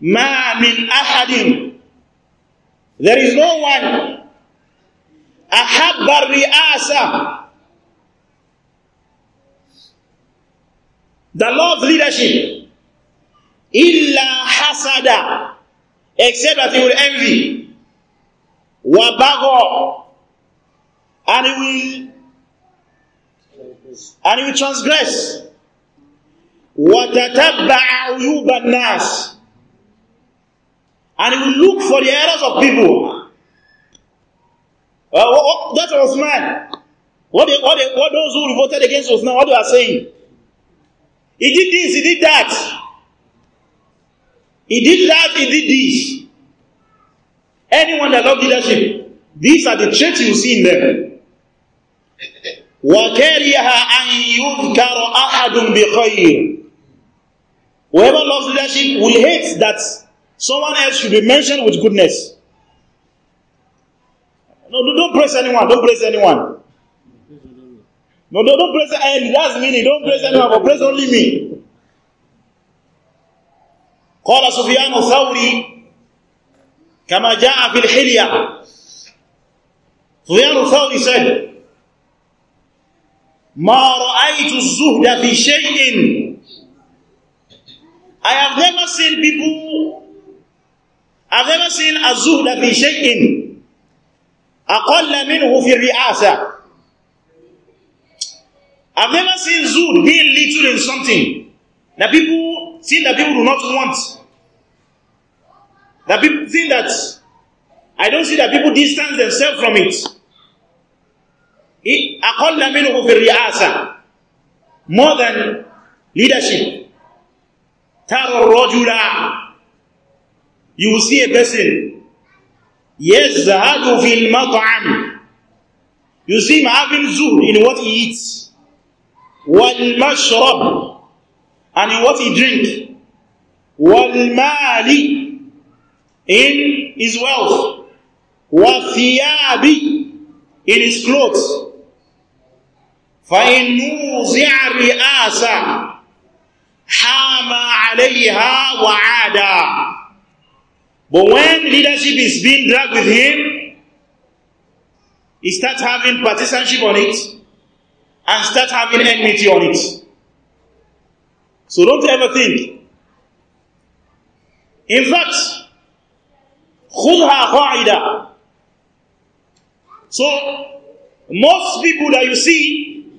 Ma min ahadim. There is no one ahabari asa the law leadership illa hasada except that he will envy wabago and he will and he will transgress watataba'a uyuban nas and he will look for the errors of people Uh, that's Uthman. What, they, what, they, what those who voted against us now. what they are saying? He did this, he did that. He did that, he did this. Anyone that loves leadership, these are the traits you see in them. Whoever loves leadership will hate that someone else should be mentioned with goodness. No, don't praise anyone. Don't praise anyone. No, don't, don't praise anyone. Eh, that's meaning. Don't praise anyone, but praise only me. قال سفيان الثوري كما جاء في الحلية سفيان الثوري said ما رأيت الزهد في شيء I have never seen people I've never seen a zuhda في شيء aqalla minhu fi ri'asa I've never seen Zul being little in something that people think that people do not want. That people think that I don't see that people distance themselves from it. أقل منه في الرئاسة more than leadership. ترى الرجل you will see a person يزهد في المطعم You see him having zuhd in what he eats والمشرب and in what he drink والمال in his wealth والثياب in his clothes فإن نوزع الرئاسة حام عليها وعادا But when leadership is being dragged with him, he starts having partisanship on it and starts having enmity on it. So don't ever think. In fact, خُذْهَا قَاعِدَةً So, most people that you see,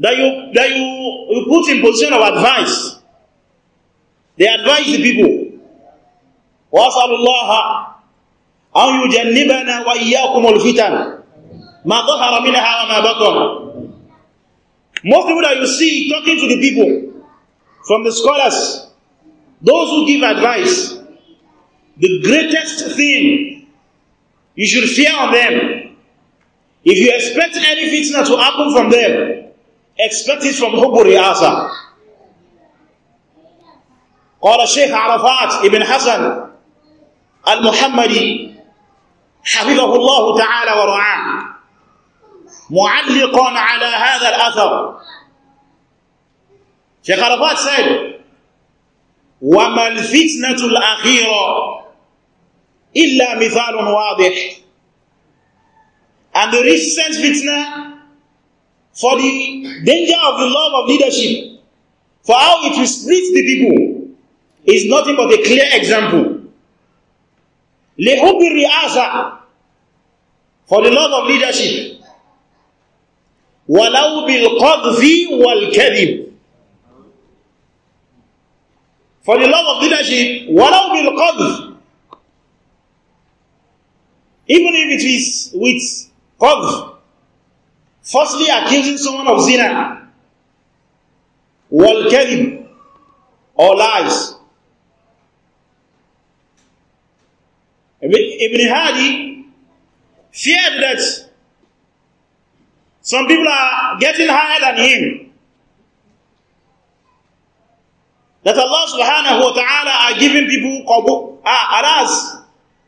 that you, that you, you put in position of advice, they advise the people. وأسأل الله أن يجنبنا وإياكم الفتن ما ظهر منها وما بطن most people that you see talking to the people from the scholars those who give advice the greatest thing you should fear on them if you expect any fitna to happen from them expect it from حب asa قال الشيخ عرفات ابن حسن المحمدي حفظه الله تعالى ورعاه معلقا على هذا الأثر شيخ عرفات said وما الفتنة الأخيرة إلا مثال واضح and the recent fitna for the danger of the love of leadership for how it will split the people is nothing but a clear example لحب الرئاسة for the love of leadership ولو بالقذف والكذب for the love of leadership ولو بالقذف even if it is with قذف Firstly, accusing someone of zina والكذب or lies Ibn Hadi feared that some people are getting higher than him. That Allah subhanahu wa ta'ala are giving people qabul, ah, alas,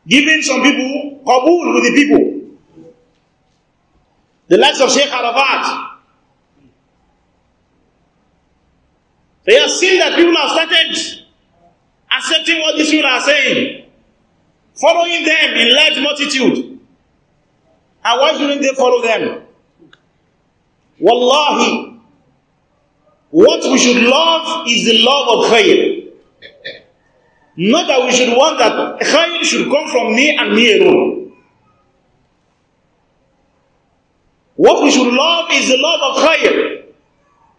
giving some people qabul with the people. The likes of Sheikh Arafat. They have seen that people have started accepting what these people are saying following them in large multitude. And why shouldn't they follow them? Wallahi, what we should love is the love of khayr, Not that we should want that khayr should come from me and me alone. What we should love is the love of khayr.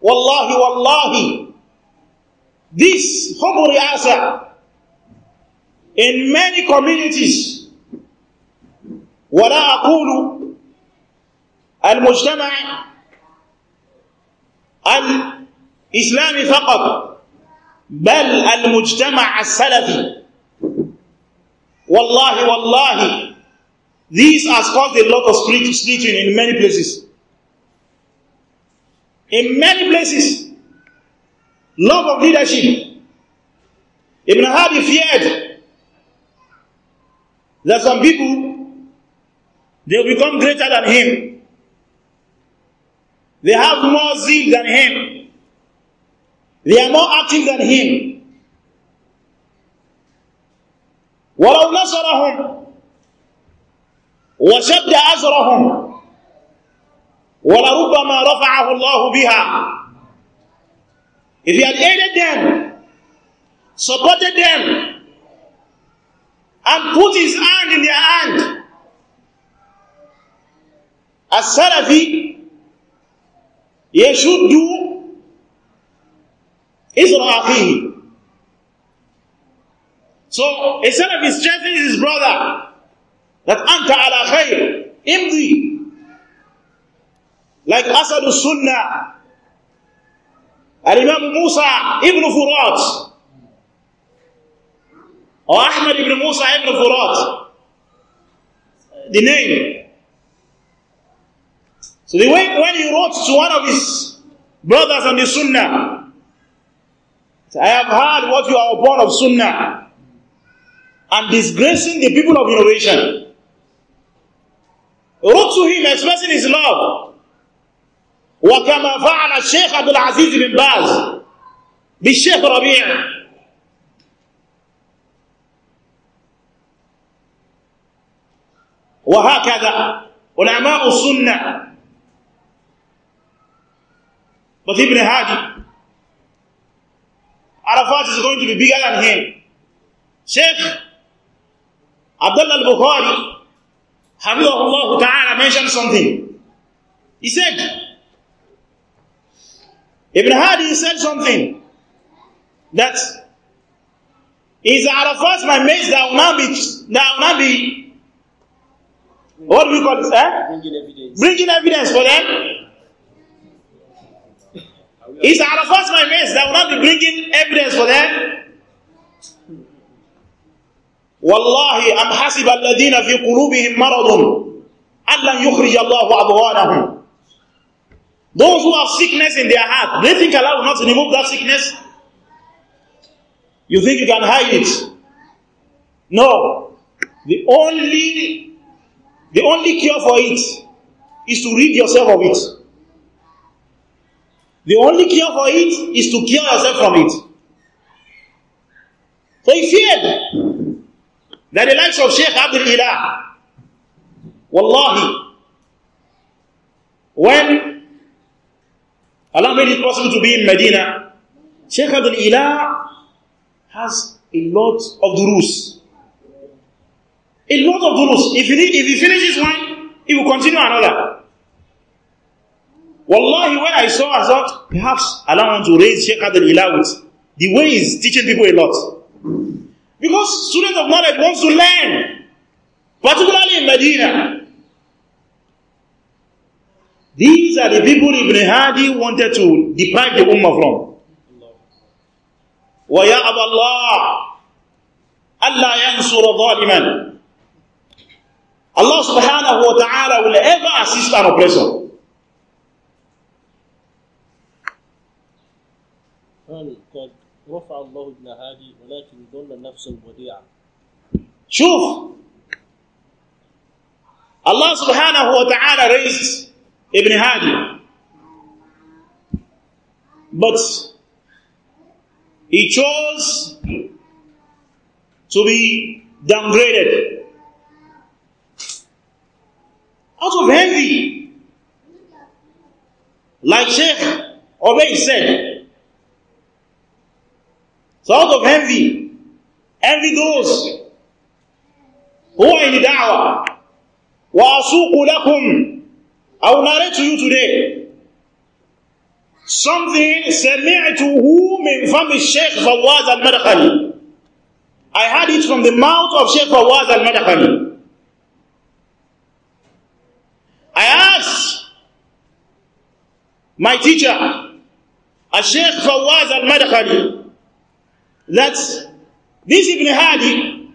Wallahi, wallahi. This humble answer in many communities ولا أقول المجتمع الإسلامي فقط بل المجتمع السلفي والله والله this has caused a lot of splitting in many places in many places love of leadership Ibn Hadi feared There are some people, they become greater than him. They have more zeal than him. They are more active than him. ولو نصرهم وشد أزرهم ولربما رفعه الله بها If he had aided them, supported them, and put his hand in their hand. As Salafi, he should do Isra'afihi. So, a Salafi strengthens his brother that Anta ala khayr, imdi. Like Asadu sunnah Al-Imam Musa ibn Furat, Or وأحمد بن موسى ابن فرات the name so the way, when he wrote to one of his brothers on the sunnah I have heard what you are upon of sunnah and disgracing the people of innovation wrote to him expressing his love وكما فعل الشيخ عبد العزيز بن باز بالشيخ ربيع وهكذا علماء السنة but Ibn Hadi Arafat is going to be bigger than him Sheikh Abdullah al-Bukhari Hafizahullah Ta'ala mentioned something he said Ibn Hadi said something that is Arafat my mates that will not be that will not be Bring what do we call this? Eh? Bringing evidence. Bringing evidence for them. It's out of us, my mates, that will not be bringing evidence for them. والله أم حسب الذين في قلوبهم مرض أن لن يخرج الله أضغانهم Those who have sickness in their heart, they think Allah will not remove that sickness. You think you can hide it? No. The only the only cure for it is to rid yourself of it. The only cure for it is to cure yourself from it. So he feared that the likes of Sheikh Abdul Ilah, Wallahi, when Allah made it possible to be in Medina, Sheikh Abdul Ilah has a lot of durus. A lot of durus. If he, if he finishes one, he will continue another. Wallahi, when I saw, I thought, perhaps Allah wants to raise Sheikh Adel Ilawit. The way he's teaching people a lot. Because students of knowledge wants to learn. Particularly in Medina. These are the people Ibn Hadi wanted to deprive the Ummah from. Wa وَيَأَبَ Allah أَلَّا يَنْصُرَ zaliman. Allah subhanahu wa ta'ala will ever assist an oppressor. شوف الله سبحانه وتعالى raised Ibn Hadi but he chose to be downgraded out of envy. Like Sheikh Obey said. So out of envy, envy those who are in the da'wah. وَأَسُوقُ لَكُمْ I will narrate to you today something سَمِعْتُهُ مِنْ فَمِ الشَّيْخِ فَوَّازَ الْمَدْخَلِ I heard it from the mouth of Sheikh Fawaz al-Madkhali. my teacher, a Sheikh Fawaz al Madakhali, that this Ibn Hadi,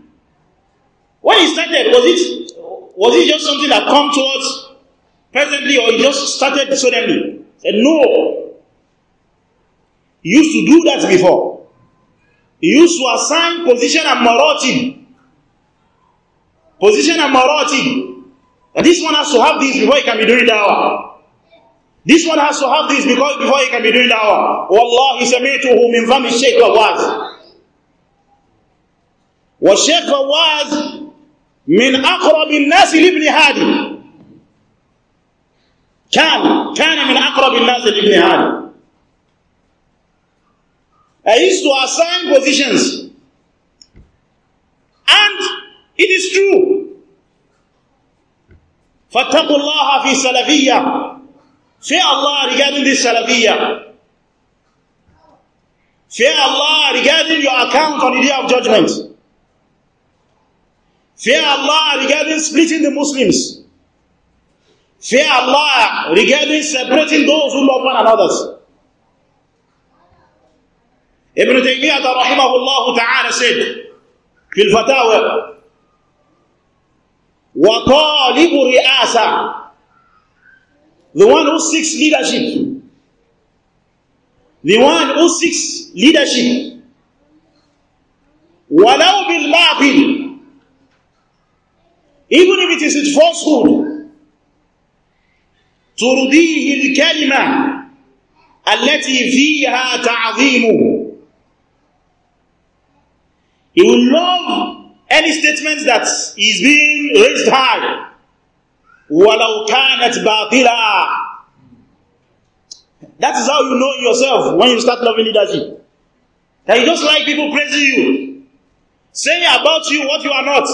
when he started, was it, was it just something that come towards presently or he just started suddenly? said, no. He used to do that before. He used to assign position and morality. Position and morality. This one has to have this before he can be doing da'wah. This one has to have this because before he can be doing da'wah. Wallahi sami'tuhu min fami Sheikh Fawaz. min فواز من ibn Hadi. لابن can كان كان in أقرب الناس ibn Hadi? I used to assign positions and it is true فاتقوا الله في سلفية Fear Allah regarding this سلفية Fear Allah regarding your account on the day of judgment. Fear Allah regarding splitting the Muslims. Fear Allah regarding separating those who love one another. Ibn Taymiyyah الله تعالى said, في الفتاوى وطالب رئاسة the one who seeks leadership the one who seeks leadership ولو بالباطل even if it is with falsehood To ترضيه الكلمة التي فيها تعظيمه he will love any statement that is being raised high, walau kanat batila. That is how you know yourself when you start loving leadership. That you just like people praising you, saying about you what you are not.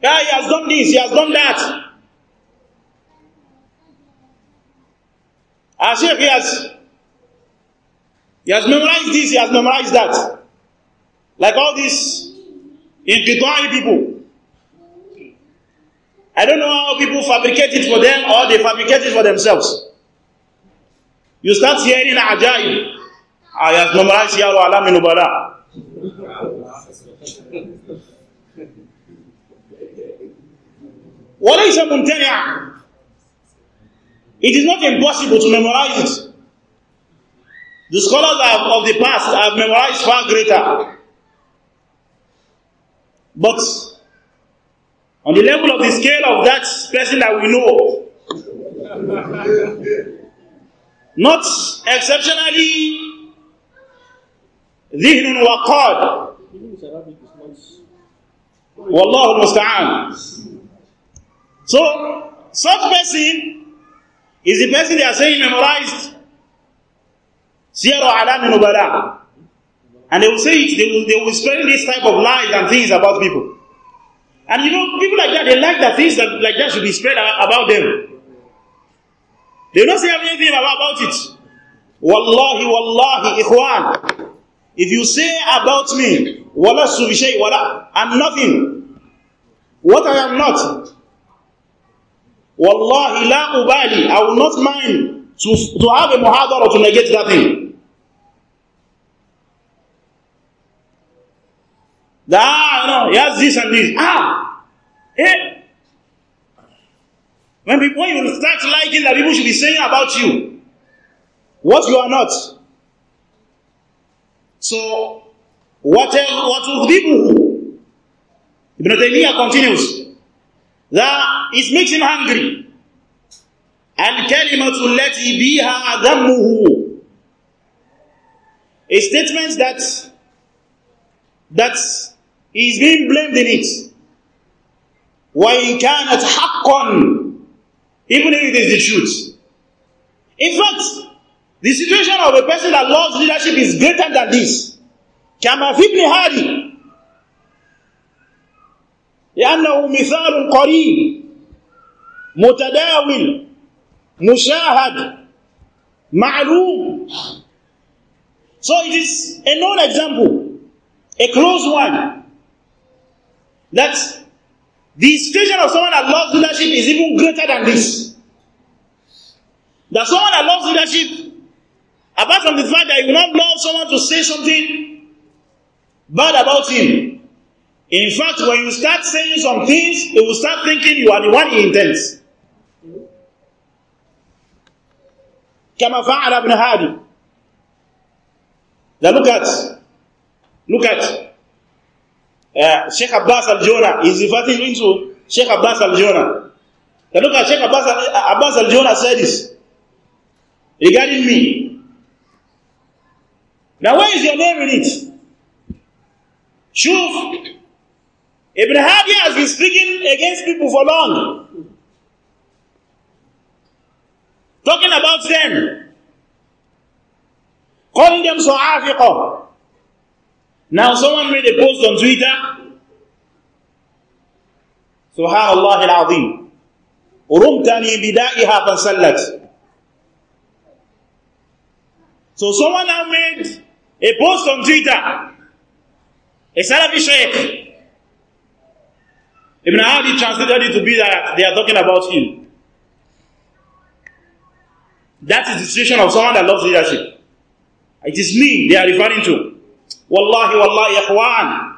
Yeah, he has done this, he has done that. As ah, if he has, he has memorized this, he has memorized that. Like all these Inkitai people. I don't know how people fabricate it for them or they fabricate it for themselves. You start hearing Ajaib. I have memorized Yaru Alam Minubala. وليس It is not impossible to memorize it. The scholars of the past have memorized far greater. But on the level of the scale of that person that we know not exceptionally ذهن وقاد والله المستعان so such person is the person they are saying memorized سيرة علام نبلاء And they will say it, they will, they will spread this type of lies and things about people. And you know, people like that, they like that things that, like that should be spread about them. They don't say anything about it. Wallahi, wallahi, ikhwan. If you say about me, wala subishay, wala, I'm nothing. What I am not. Wallahi, la ubali. I will not mind to, to have a or to negate that thing. Ah, know, he has this and this. Ah! Eh? When, people, when you start liking that people should be saying about you, what you are not. So, what what people? Ibn Taymiyyah continues that it makes him angry. الكلمة التي بها ذمه A statement that that he is being blamed in it. وَإِنْ كَانَتْ حَقًّا Even if it is the truth. In fact, the situation of a person that loves leadership is greater than this. كما في ابن هادي لأنه مثال قريب متداول مشاهد معلوم So it is a known example, a close one. that the situation of someone that loves leadership is even greater than this. That someone that loves leadership, apart from the fact that you will not love someone to say something bad about him, in fact, when you start saying some things, he will start thinking you are the one he intends. كما فعل ابن هادي. Now look at, look at Eh, Sheikh Abbas al-Jona is referring to Sheikh Abbas al-Jona now look at Sheikh Abbas, Abbas al-Jona said this regarding me now where is your name in it Shuf Ibn Hadi has been speaking against people for long talking about them calling them Su'afiqah Now someone made a post on Twitter. Subhanallah al-Azim. Urumtani bida'iha fansallat. So someone now made a post on Twitter. A Salafi Shaykh. Ibn Ali translated it to be that they are talking about him. That is the situation of someone that loves leadership. It is me they are referring to. Wallahi, wallahi, ikhwan,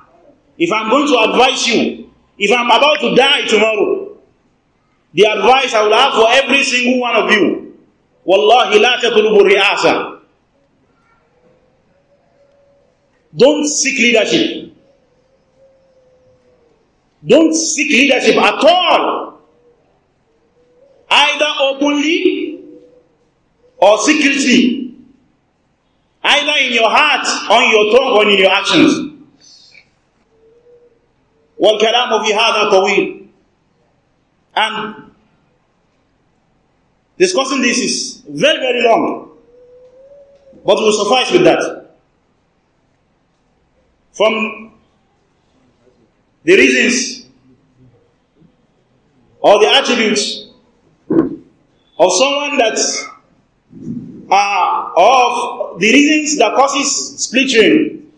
if I'm going to advise you, if I'm about to die tomorrow, the advice I will have for every single one of you, wallahi, la tatlubu ri'asa. Don't seek leadership. Don't seek leadership at all. Either openly or secretly. either in your heart, on your tongue, or in your actions. والكلام في هذا طويل and discussing this is very very long but we'll suffice with that from the reasons or the attributes of someone that's. uh, of the reasons that causes splitting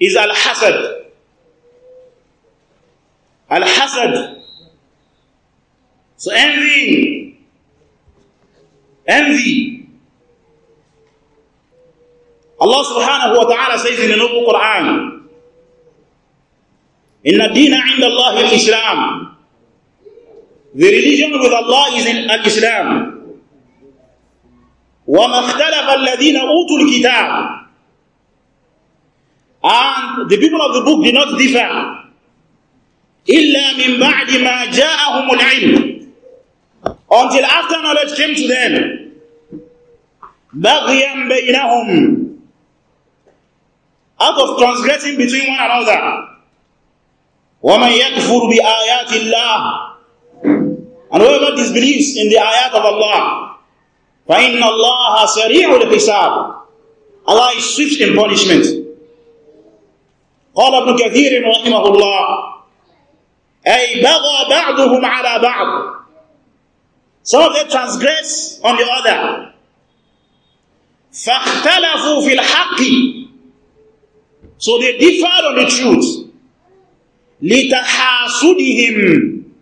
is al-hasad. Al-hasad. So envy. Envy. Allah subhanahu wa ta'ala says in the Noble Quran, إن الدين عند الله الإسلام. The religion with Allah is in Al-Islam. وما اختلف الذين اوتوا الكتاب and the people of the book did not differ إلا من بعد ما جاءهم العلم until after knowledge came to them بغيا بينهم out of transgressing between one another ومن يكفر بآيات الله and whoever disbelieves in the آيات of Allah فإن الله سريع الحساب الله is swift in punishment قال ابن كثير رحمه الله أي بغى بعضهم على بعض Some of them transgress on the other فاختلفوا في الحق So they differ on the truth لتحاسدهم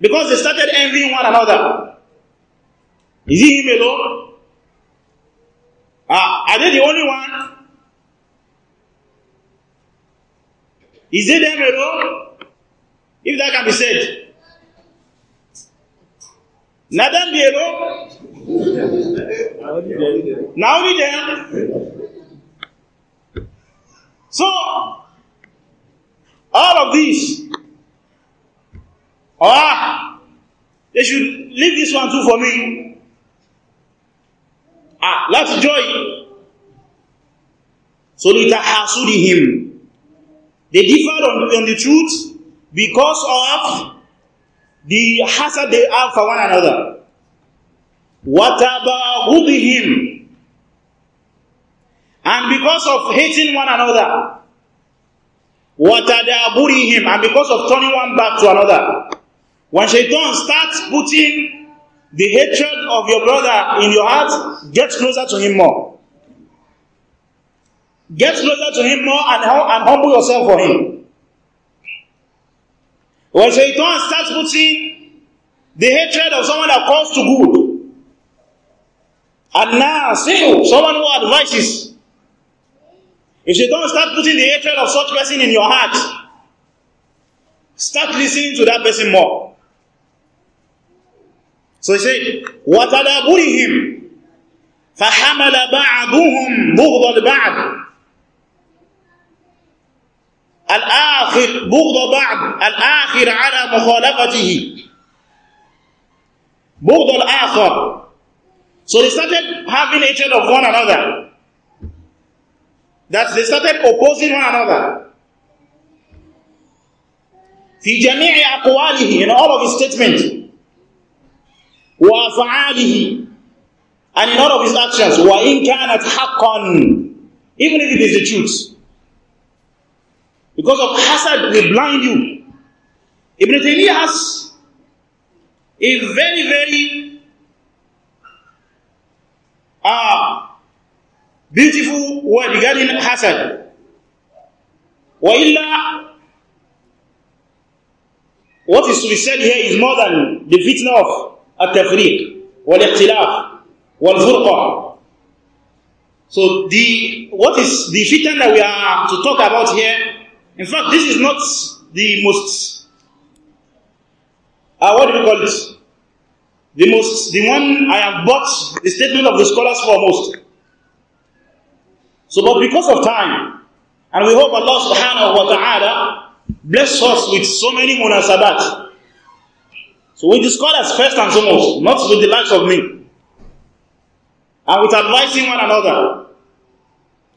Because they started envying one another Is it him alone? Uh, are they the only one? Is it them alone? If that can be said. Not them be alone. Now only them. So, all of these, ah, they should leave this one too for me. Ah, láti jọ so ní ta hasudi him they differ on, on the truth because of the hazard they have for one another him? and because of hating one another him? and because of turning one back to another when shaitan starts putting the hatred of your brother in your heart, get closer to him more. Get closer to him more and, and humble yourself for him. When Shaitan starts putting the hatred of someone that calls to good, and now see someone who advises, if you don't start putting the hatred of such person in your heart, start listening to that person more. so he said وتدابرهم فحمل بعضهم بغض البعض الآخر بغض بعض الآخر على مخالفته بغض الآخر So they started having hatred of one another. That they started opposing one another. في جميع أقواله in all of his statements wa and in all of his actions who are incarnate Hakon, even if it is the truth because of hasad will blind you Ibn Taymiyyah has a very very uh, beautiful word regarding hasad wa illa what is to be said here is more than the fitna of التفريق والاختلاف والفرقة so the what is the fitan that we are to talk about here in fact this is not the most uh, what do we call it the most the one I have bought the statement of the scholars for most so but because of time and we hope Allah subhanahu wa ta'ala bless us with so many munasabat So with the scholars first and foremost, not with the likes of me. And with advising one another.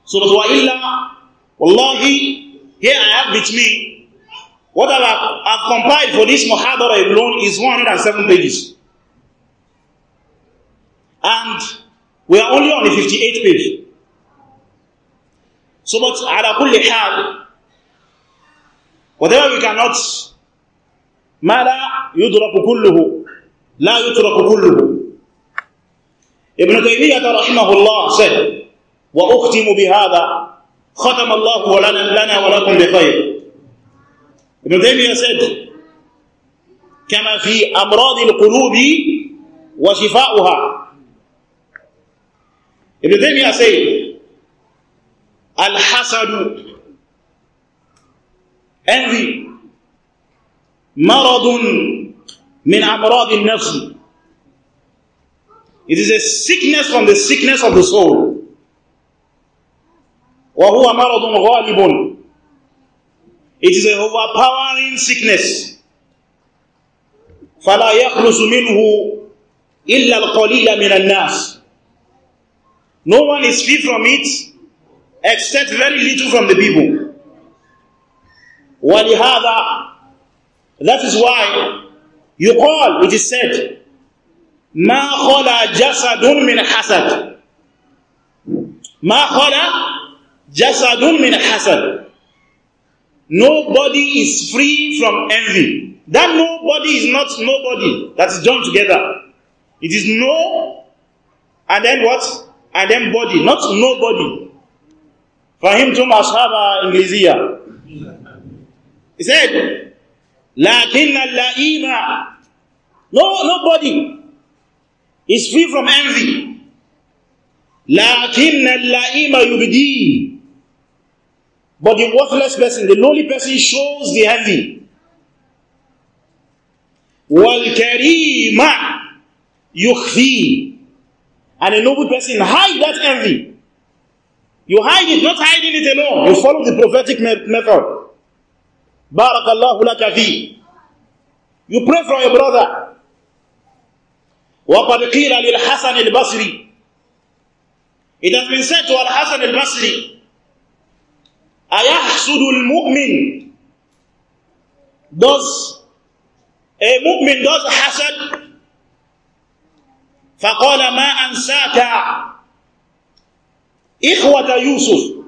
So that wa'illa, wallahi, here I have with me, what I have, compiled for this muhadara alone is 107 pages. And we are only on the 58th page. So but ala kulli hal, whatever we cannot ما لا يدرك كله لا يترك كله ابن تيمية رحمه الله said وأختم بهذا ختم الله لنا ولكم بخير ابن تيمية said كما في أمراض القلوب وشفاؤها ابن تيمية سيد الحسد envy مرض من أمراض النفس It is a sickness from the sickness of the soul. وهو مرض غالب It is an overpowering sickness. فلا يخلص منه إلا القليل من الناس No one is free from it except very little from the people. ولهذا that is why you call, it is said, ما خلا جسد من حسد ما خلا جسد من حسد Nobody is free from envy. That nobody is not nobody. That is joined together. It is no, and then what? And then body, not nobody. For him to mashaba Inglesia. He said, لكن اللئيم No, nobody is free from envy. لكن اللئيم يبدي But the worthless person, the lowly person shows the envy. وَالْكَرِيمَ يُخْفِي And a noble person hide that envy. You hide it, not hiding it alone. You follow the prophetic method. Barakallahu laka fi. You pray for your brother. وَقَدْ قِيلَ لِلْحَسَنِ البصري It has been said to Al-Hasan al-Basri, أَيَحْسُدُ الْمُؤْمِنِ Does a mu'min does hasad? فَقَالَ مَا أَنْسَاكَ إِخْوَةَ يُوسُفِ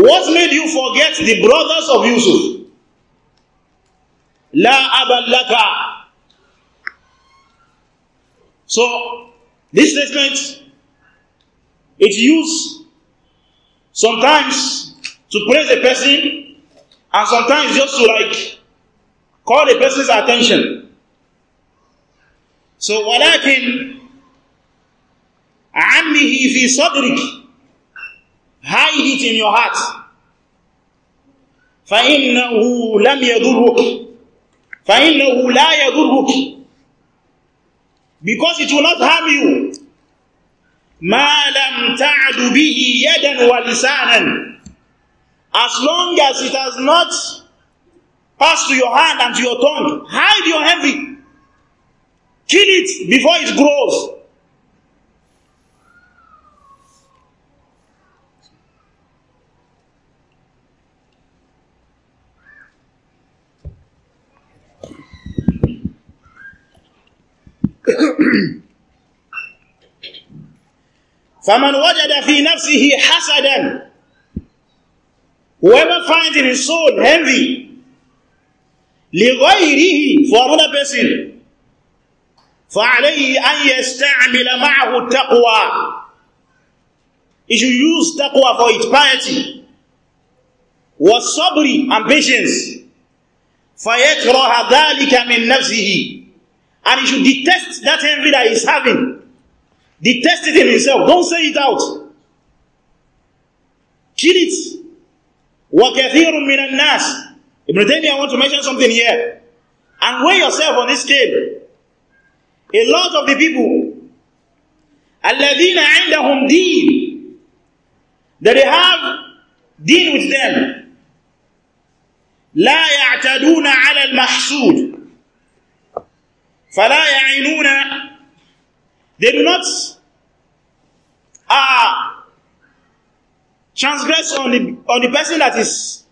What made you forget the brothers of Yusuf? La abalaka. So, this statement, it's used sometimes to praise a person and sometimes just to like call a person's attention. So, ولكن عمه في صدرك hide it in your heart فإنه لم يضرك فإنه لا يضرك because it will not harm you ما لم تعد به يدا ولسانا as long as it has not passed to your hand and to your tongue hide your envy kill it before it grows فمن وجد في نفسه hasadan whoever finds in his soul envy لغيره for another person فعليه أن يستعمل معه التقوى he should use taqwa for its piety والصبر and patience فيكره ذلك من نفسه And he should detest that envy that he's having. Detest it in himself. Don't say it out. Kill it. وَكَثِيرٌ مِّنَ النَّاسِ Ibn Taymiyyah, I want to mention something here. And weigh yourself on this scale. A lot of the people, الَّذِينَ عِنْدَهُمْ دِينٌ That they have deen with them. لَا يَعْتَدُونَ عَلَى الْمَحْسُودِ فَلَا يَعِنُونَ They do not uh, transgress on the, on the person that is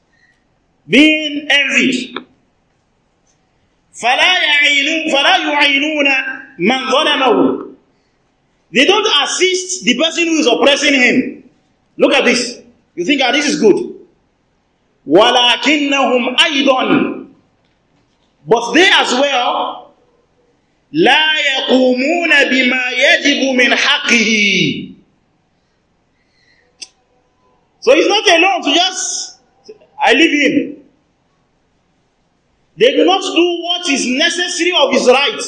being envied. فَلَا يَعِنُونَ فَلَا يُعِنُونَ مَنْ They don't assist the person who is oppressing him. Look at this. You think, ah, this is good. وَلَكِنَّهُمْ أَيْضًا But they as well لا يقومون بما يجب من حقه so it's not alone to just I leave him they do not do what is necessary of his right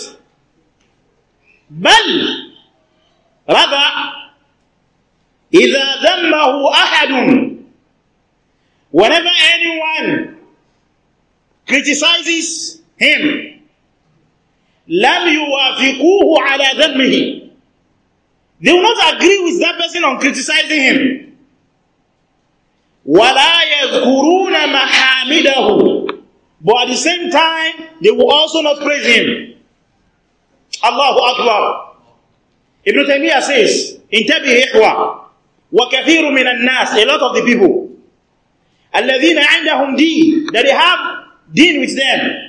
بل rather إذا ذمه أحد whenever anyone criticizes him لم يوافقوه على ذمه they will not agree with that person on criticizing him ولا يذكرون محامده but at the same time they will also not praise him Allahu Akbar Ibn Taymiyyah says انتبه إحوى وكثير من الناس a lot of the people الذين عندهم دين that they have deen with them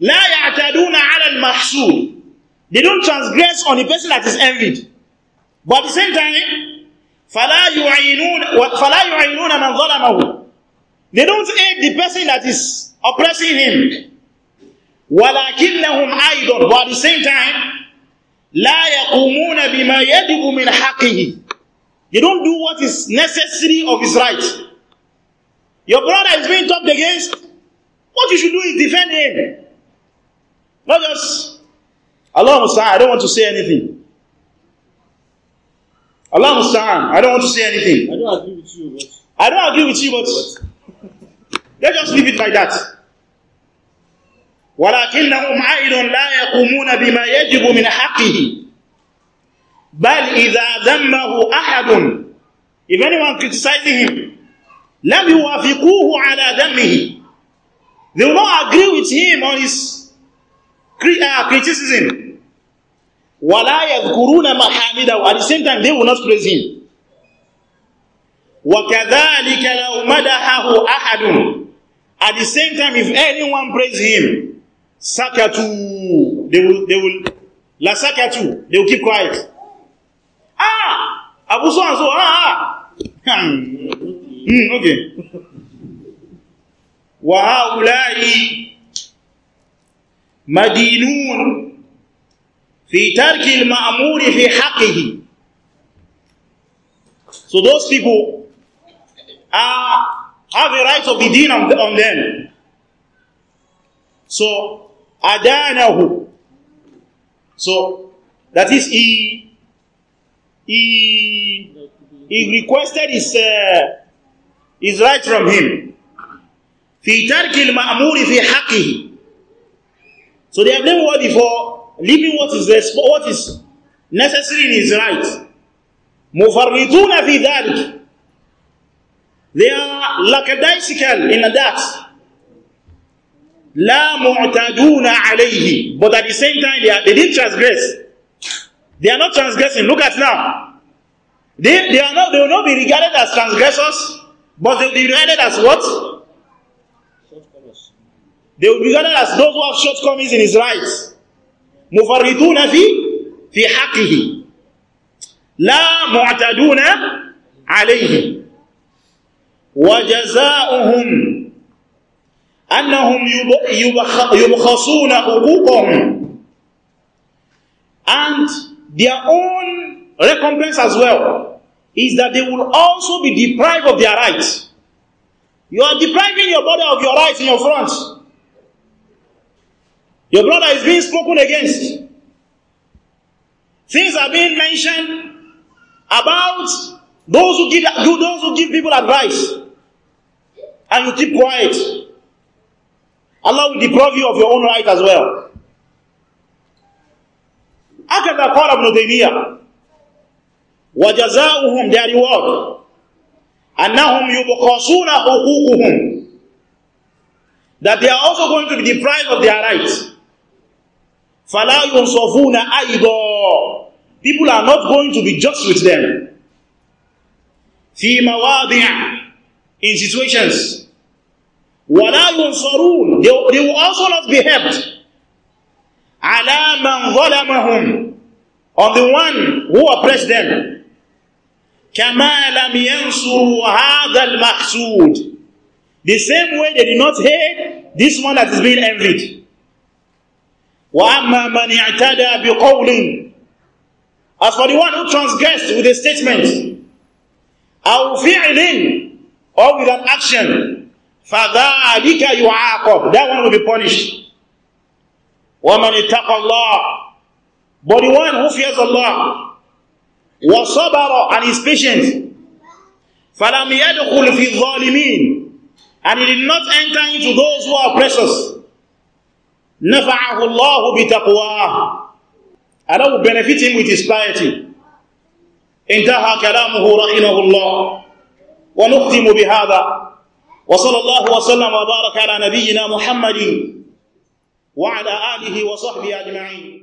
لا يعتدون على they don't transgress on the person that is envied but at the same time فلا يعينون فلا يعينون they don't aid the person that is oppressing him ولكنهم أيضا but at the same time لا يقومون بما يجب من حقه they don't do what is necessary of his right your brother is being talked against what you should do is defend him Not just, Allah Musta'an, I don't want to say anything. Allah Musta'an, I don't want to say anything. I don't agree with you, but... I don't agree with you, but... Let's just leave it like that. ولكنهم عائد لا يقومون بما يجب من حقه بل إذا ذمه أحد if anyone criticizing him لم يوافقوه على ذمه they will not agree with him on his Uh, criticism wala yadhkuruna mahamidahu at the same time they will not praise him وَكَذَلِكَ لَوْ مَدَحَهُ أَحَدٌ At the same time, if anyone praise him, sakatu, they will, they will, la sakatu, they will keep quiet. Ah! Abu so and so, ah, ah. Hmm, okay. وَهَؤُلَاءِ مدينون في ترك المأمور في حقه So those people are, have a right of the deen on, on them. So, adanahu. So, that is he, he, he requested his, uh, his right from him. في ترك المأمور في حقه So they are blameworthy for leaving what is, what is necessary is right. مُفَرِّطُونَ fi ذَلِكِ They are lackadaisical in that. La مُعْتَدُونَ alayhi. But at the same time, they, are, they didn't transgress. They are not transgressing. Look at now. They, they, are not, they will not be regarded as transgressors, but they will be regarded as what? They will be regarded as those who have shortcomings in his rights. مفرطون في في حقه لا معتدون عليه وجزاؤهم أنهم يبخسون حقوقهم and their own recompense as well is that they will also be deprived of their rights. You are depriving your brother of your rights in your front. Your brother is being spoken against. Things are being mentioned about those who give, those who give people advice. And you keep quiet. Allah will deprive you of your own right as well. هكذا قال ابن تيمية وجزاؤهم their reward أنهم يبخسون حقوقهم that they are also going to be deprived of their rights فَلَا يُنْصَفُونَ أَيْضًا People are not going to be just with them. فِي مَوَاضِعَ In situations. وَلَا يُنْصَرُونَ they, they will also not be helped. عَلَى مَنْ ظَلَمَهُمْ On the one who oppressed them. كَمَا لَمْ يَنْصُرُوا هَذَا الْمَحْسُودِ The same way they did not hate this one that is being envied. وَأَمَّا مَنْ اِعْتَدَى بِقَوْلٍ As for the one who transgressed with a statement, أَوْ فِعْلٍ Or with an action, فَذَٰلِكَ يُعَاقَبْ That one will be punished. وَمَنْ اتَّقَ اللَّهِ But the one who fears Allah, وَصَبَرَ And is patient, فَلَمْ يَدْخُلْ فِي الظَّالِمِينَ And he did not enter into those who are precious. نفعه الله بتقواه ألو Allah benefit him with his piety. انتهى كلامه رحمه الله ونختم بهذا وصلى الله وسلم وبارك على نبينا محمد وعلى آله وصحبه أجمعين